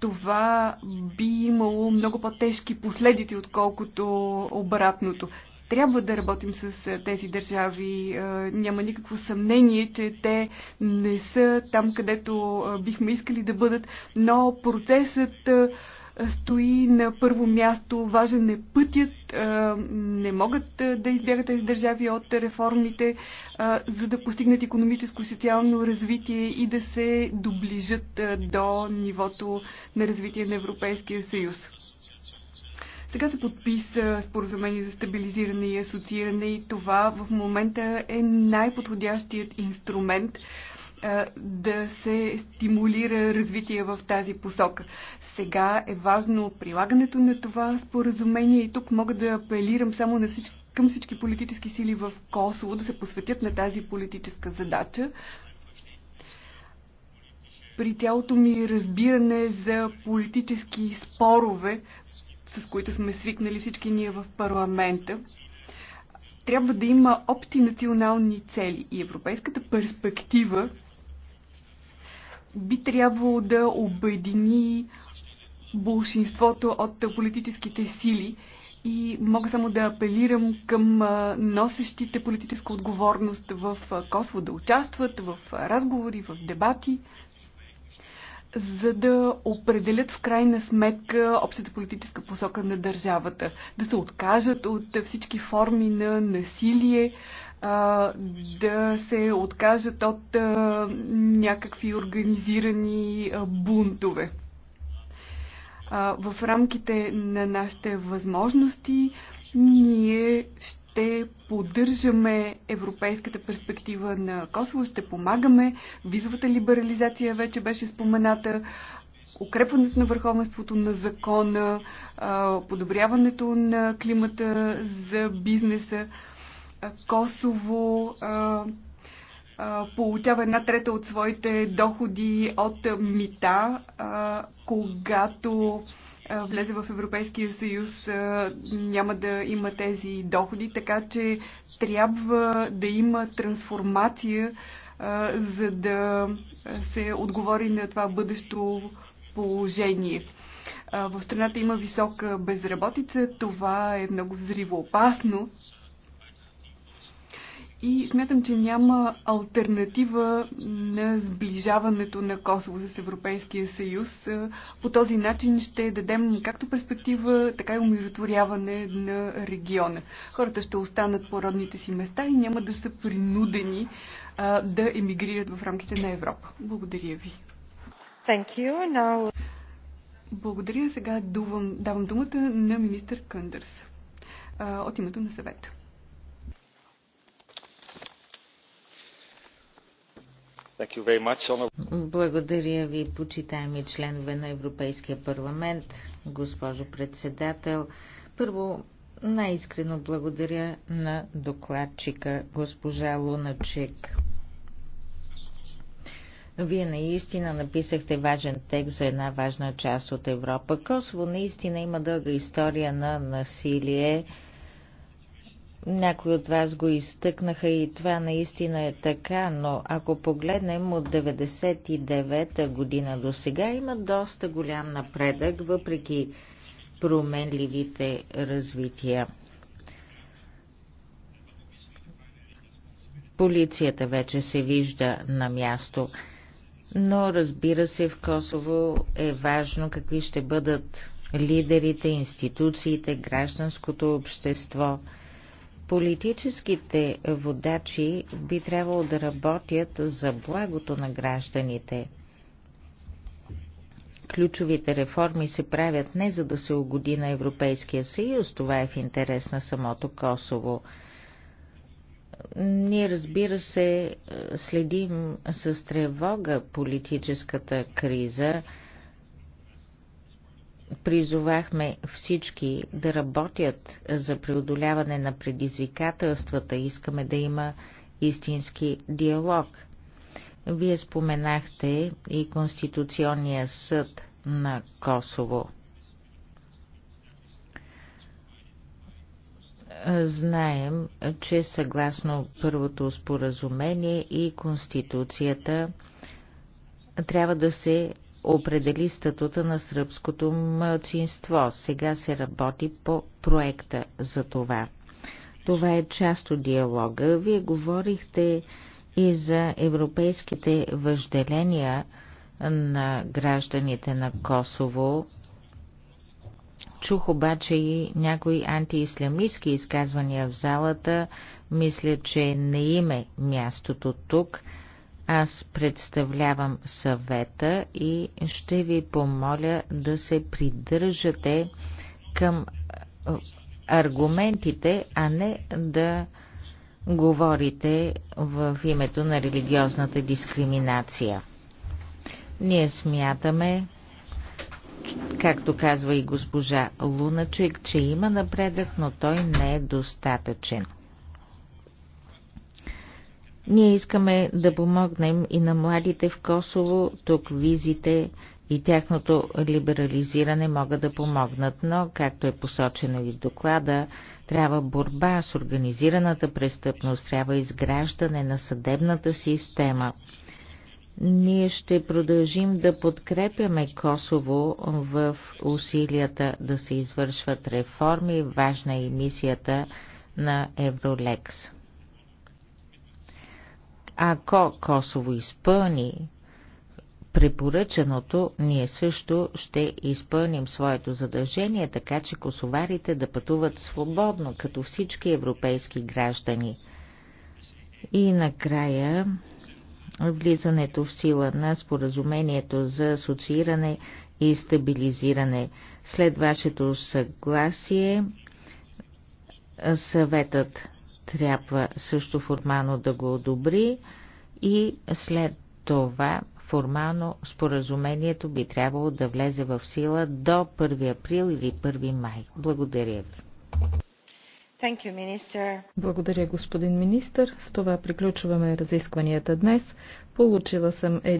това би имало много по-тежки последици, отколкото обратното. Трябва да работим с е, тези държави. Е, няма никакво съмнение, че те не са там, където е, бихме искали да бъдат, но процесът стои на първо място. Важен е пътят. Не могат да избягат тези държави от реформите, за да постигнат економическо и социално развитие и да се доближат до нивото на развитие на Европейския съюз. Сега се подписа споразумение за стабилизиране и асоцииране и това в момента е най-подходящият инструмент да се стимулира развитие в тази посока. Сега е важно прилагането на това споразумение и тук мога да апелирам само на всички, към всички политически сили в Косово да се посветят на тази политическа задача. При цялото ми разбиране за политически спорове, с които сме свикнали всички ние в парламента, трябва да има общи национални цели и европейската перспектива би трябвало да обедини болшинството от политическите сили и мога само да апелирам към носещите политическа отговорност в Косово да участват в разговори, в дебати, за да определят в крайна сметка общата политическа посока на държавата, да се откажат от всички форми на насилие, а, да се откажат от а, някакви организирани а, бунтове. А, в рамките на нашите възможности ние ще поддържаме европейската перспектива на Косово, ще помагаме. Визовата либерализация вече беше спомената укрепването на върховенството на закона, подобряването на климата за бизнеса. Косово получава една трета от своите доходи от мита, когато влезе в Европейския съюз, няма да има тези доходи, така че трябва да има трансформация, за да се отговори на това бъдещо положение. В страната има висока безработица, това е много взривоопасно и смятам, че няма альтернатива на сближаването на Косово с Европейския съюз. По този начин ще дадем както перспектива, така и умиротворяване на региона. Хората ще останат по родните си места и няма да са принудени а, да емигрират в рамките на Европа. Благодаря ви. Thank you. Now... Благодаря. Сега давам, давам думата на министър Къндърс от името на съвета. Благодаря ви, почитаеми членове на Европейския парламент, госпожо председател. Първо, най-искрено благодаря на докладчика, госпожа Луначек. Вие наистина написахте важен текст за една важна част от Европа. Косово наистина има дълга история на насилие, някои от вас го изтъкнаха и това наистина е така, но ако погледнем от 99-та година до сега, има доста голям напредък, въпреки променливите развития. Полицията вече се вижда на място, но разбира се в Косово е важно какви ще бъдат лидерите, институциите, гражданското общество – Политическите водачи би трябвало да работят за благото на гражданите. Ключовите реформи се правят не за да се угоди на Европейския съюз, това е в интерес на самото Косово. Ние, разбира се, следим с тревога политическата криза, призовахме всички да работят за преодоляване на предизвикателствата. Искаме да има истински диалог. Вие споменахте и Конституционния съд на Косово. Знаем, че съгласно първото споразумение и Конституцията трябва да се определи статута на сръбското мълцинство. Сега се работи по проекта за това. Това е част от диалога. Вие говорихте и за европейските въжделения на гражданите на Косово. Чух обаче и някои антиисламистски изказвания в залата. Мисля, че не име мястото тук. Аз представлявам съвета и ще ви помоля да се придържате към аргументите, а не да говорите в името на религиозната дискриминация. Ние смятаме, както казва и госпожа Луначек, че има напредък, но той не е достатъчен. Ние искаме да помогнем и на младите в Косово, тук визите и тяхното либерализиране могат да помогнат, но, както е посочено и в доклада, трябва борба с организираната престъпност, трябва изграждане на съдебната система. Ние ще продължим да подкрепяме Косово в усилията да се извършват реформи, важна е и мисията на Евролекс. Ако Косово изпълни препоръчаното, ние също ще изпълним своето задължение, така че косоварите да пътуват свободно, като всички европейски граждани. И накрая влизането в сила на споразумението за асоцииране и стабилизиране. След вашето съгласие съветът трябва също формално да го одобри и след това формално споразумението би трябвало да влезе в сила до 1 април или 1 май. Благодаря ви. You, Благодаря, господин министр. С това приключваме разискванията днес. Получила съм един.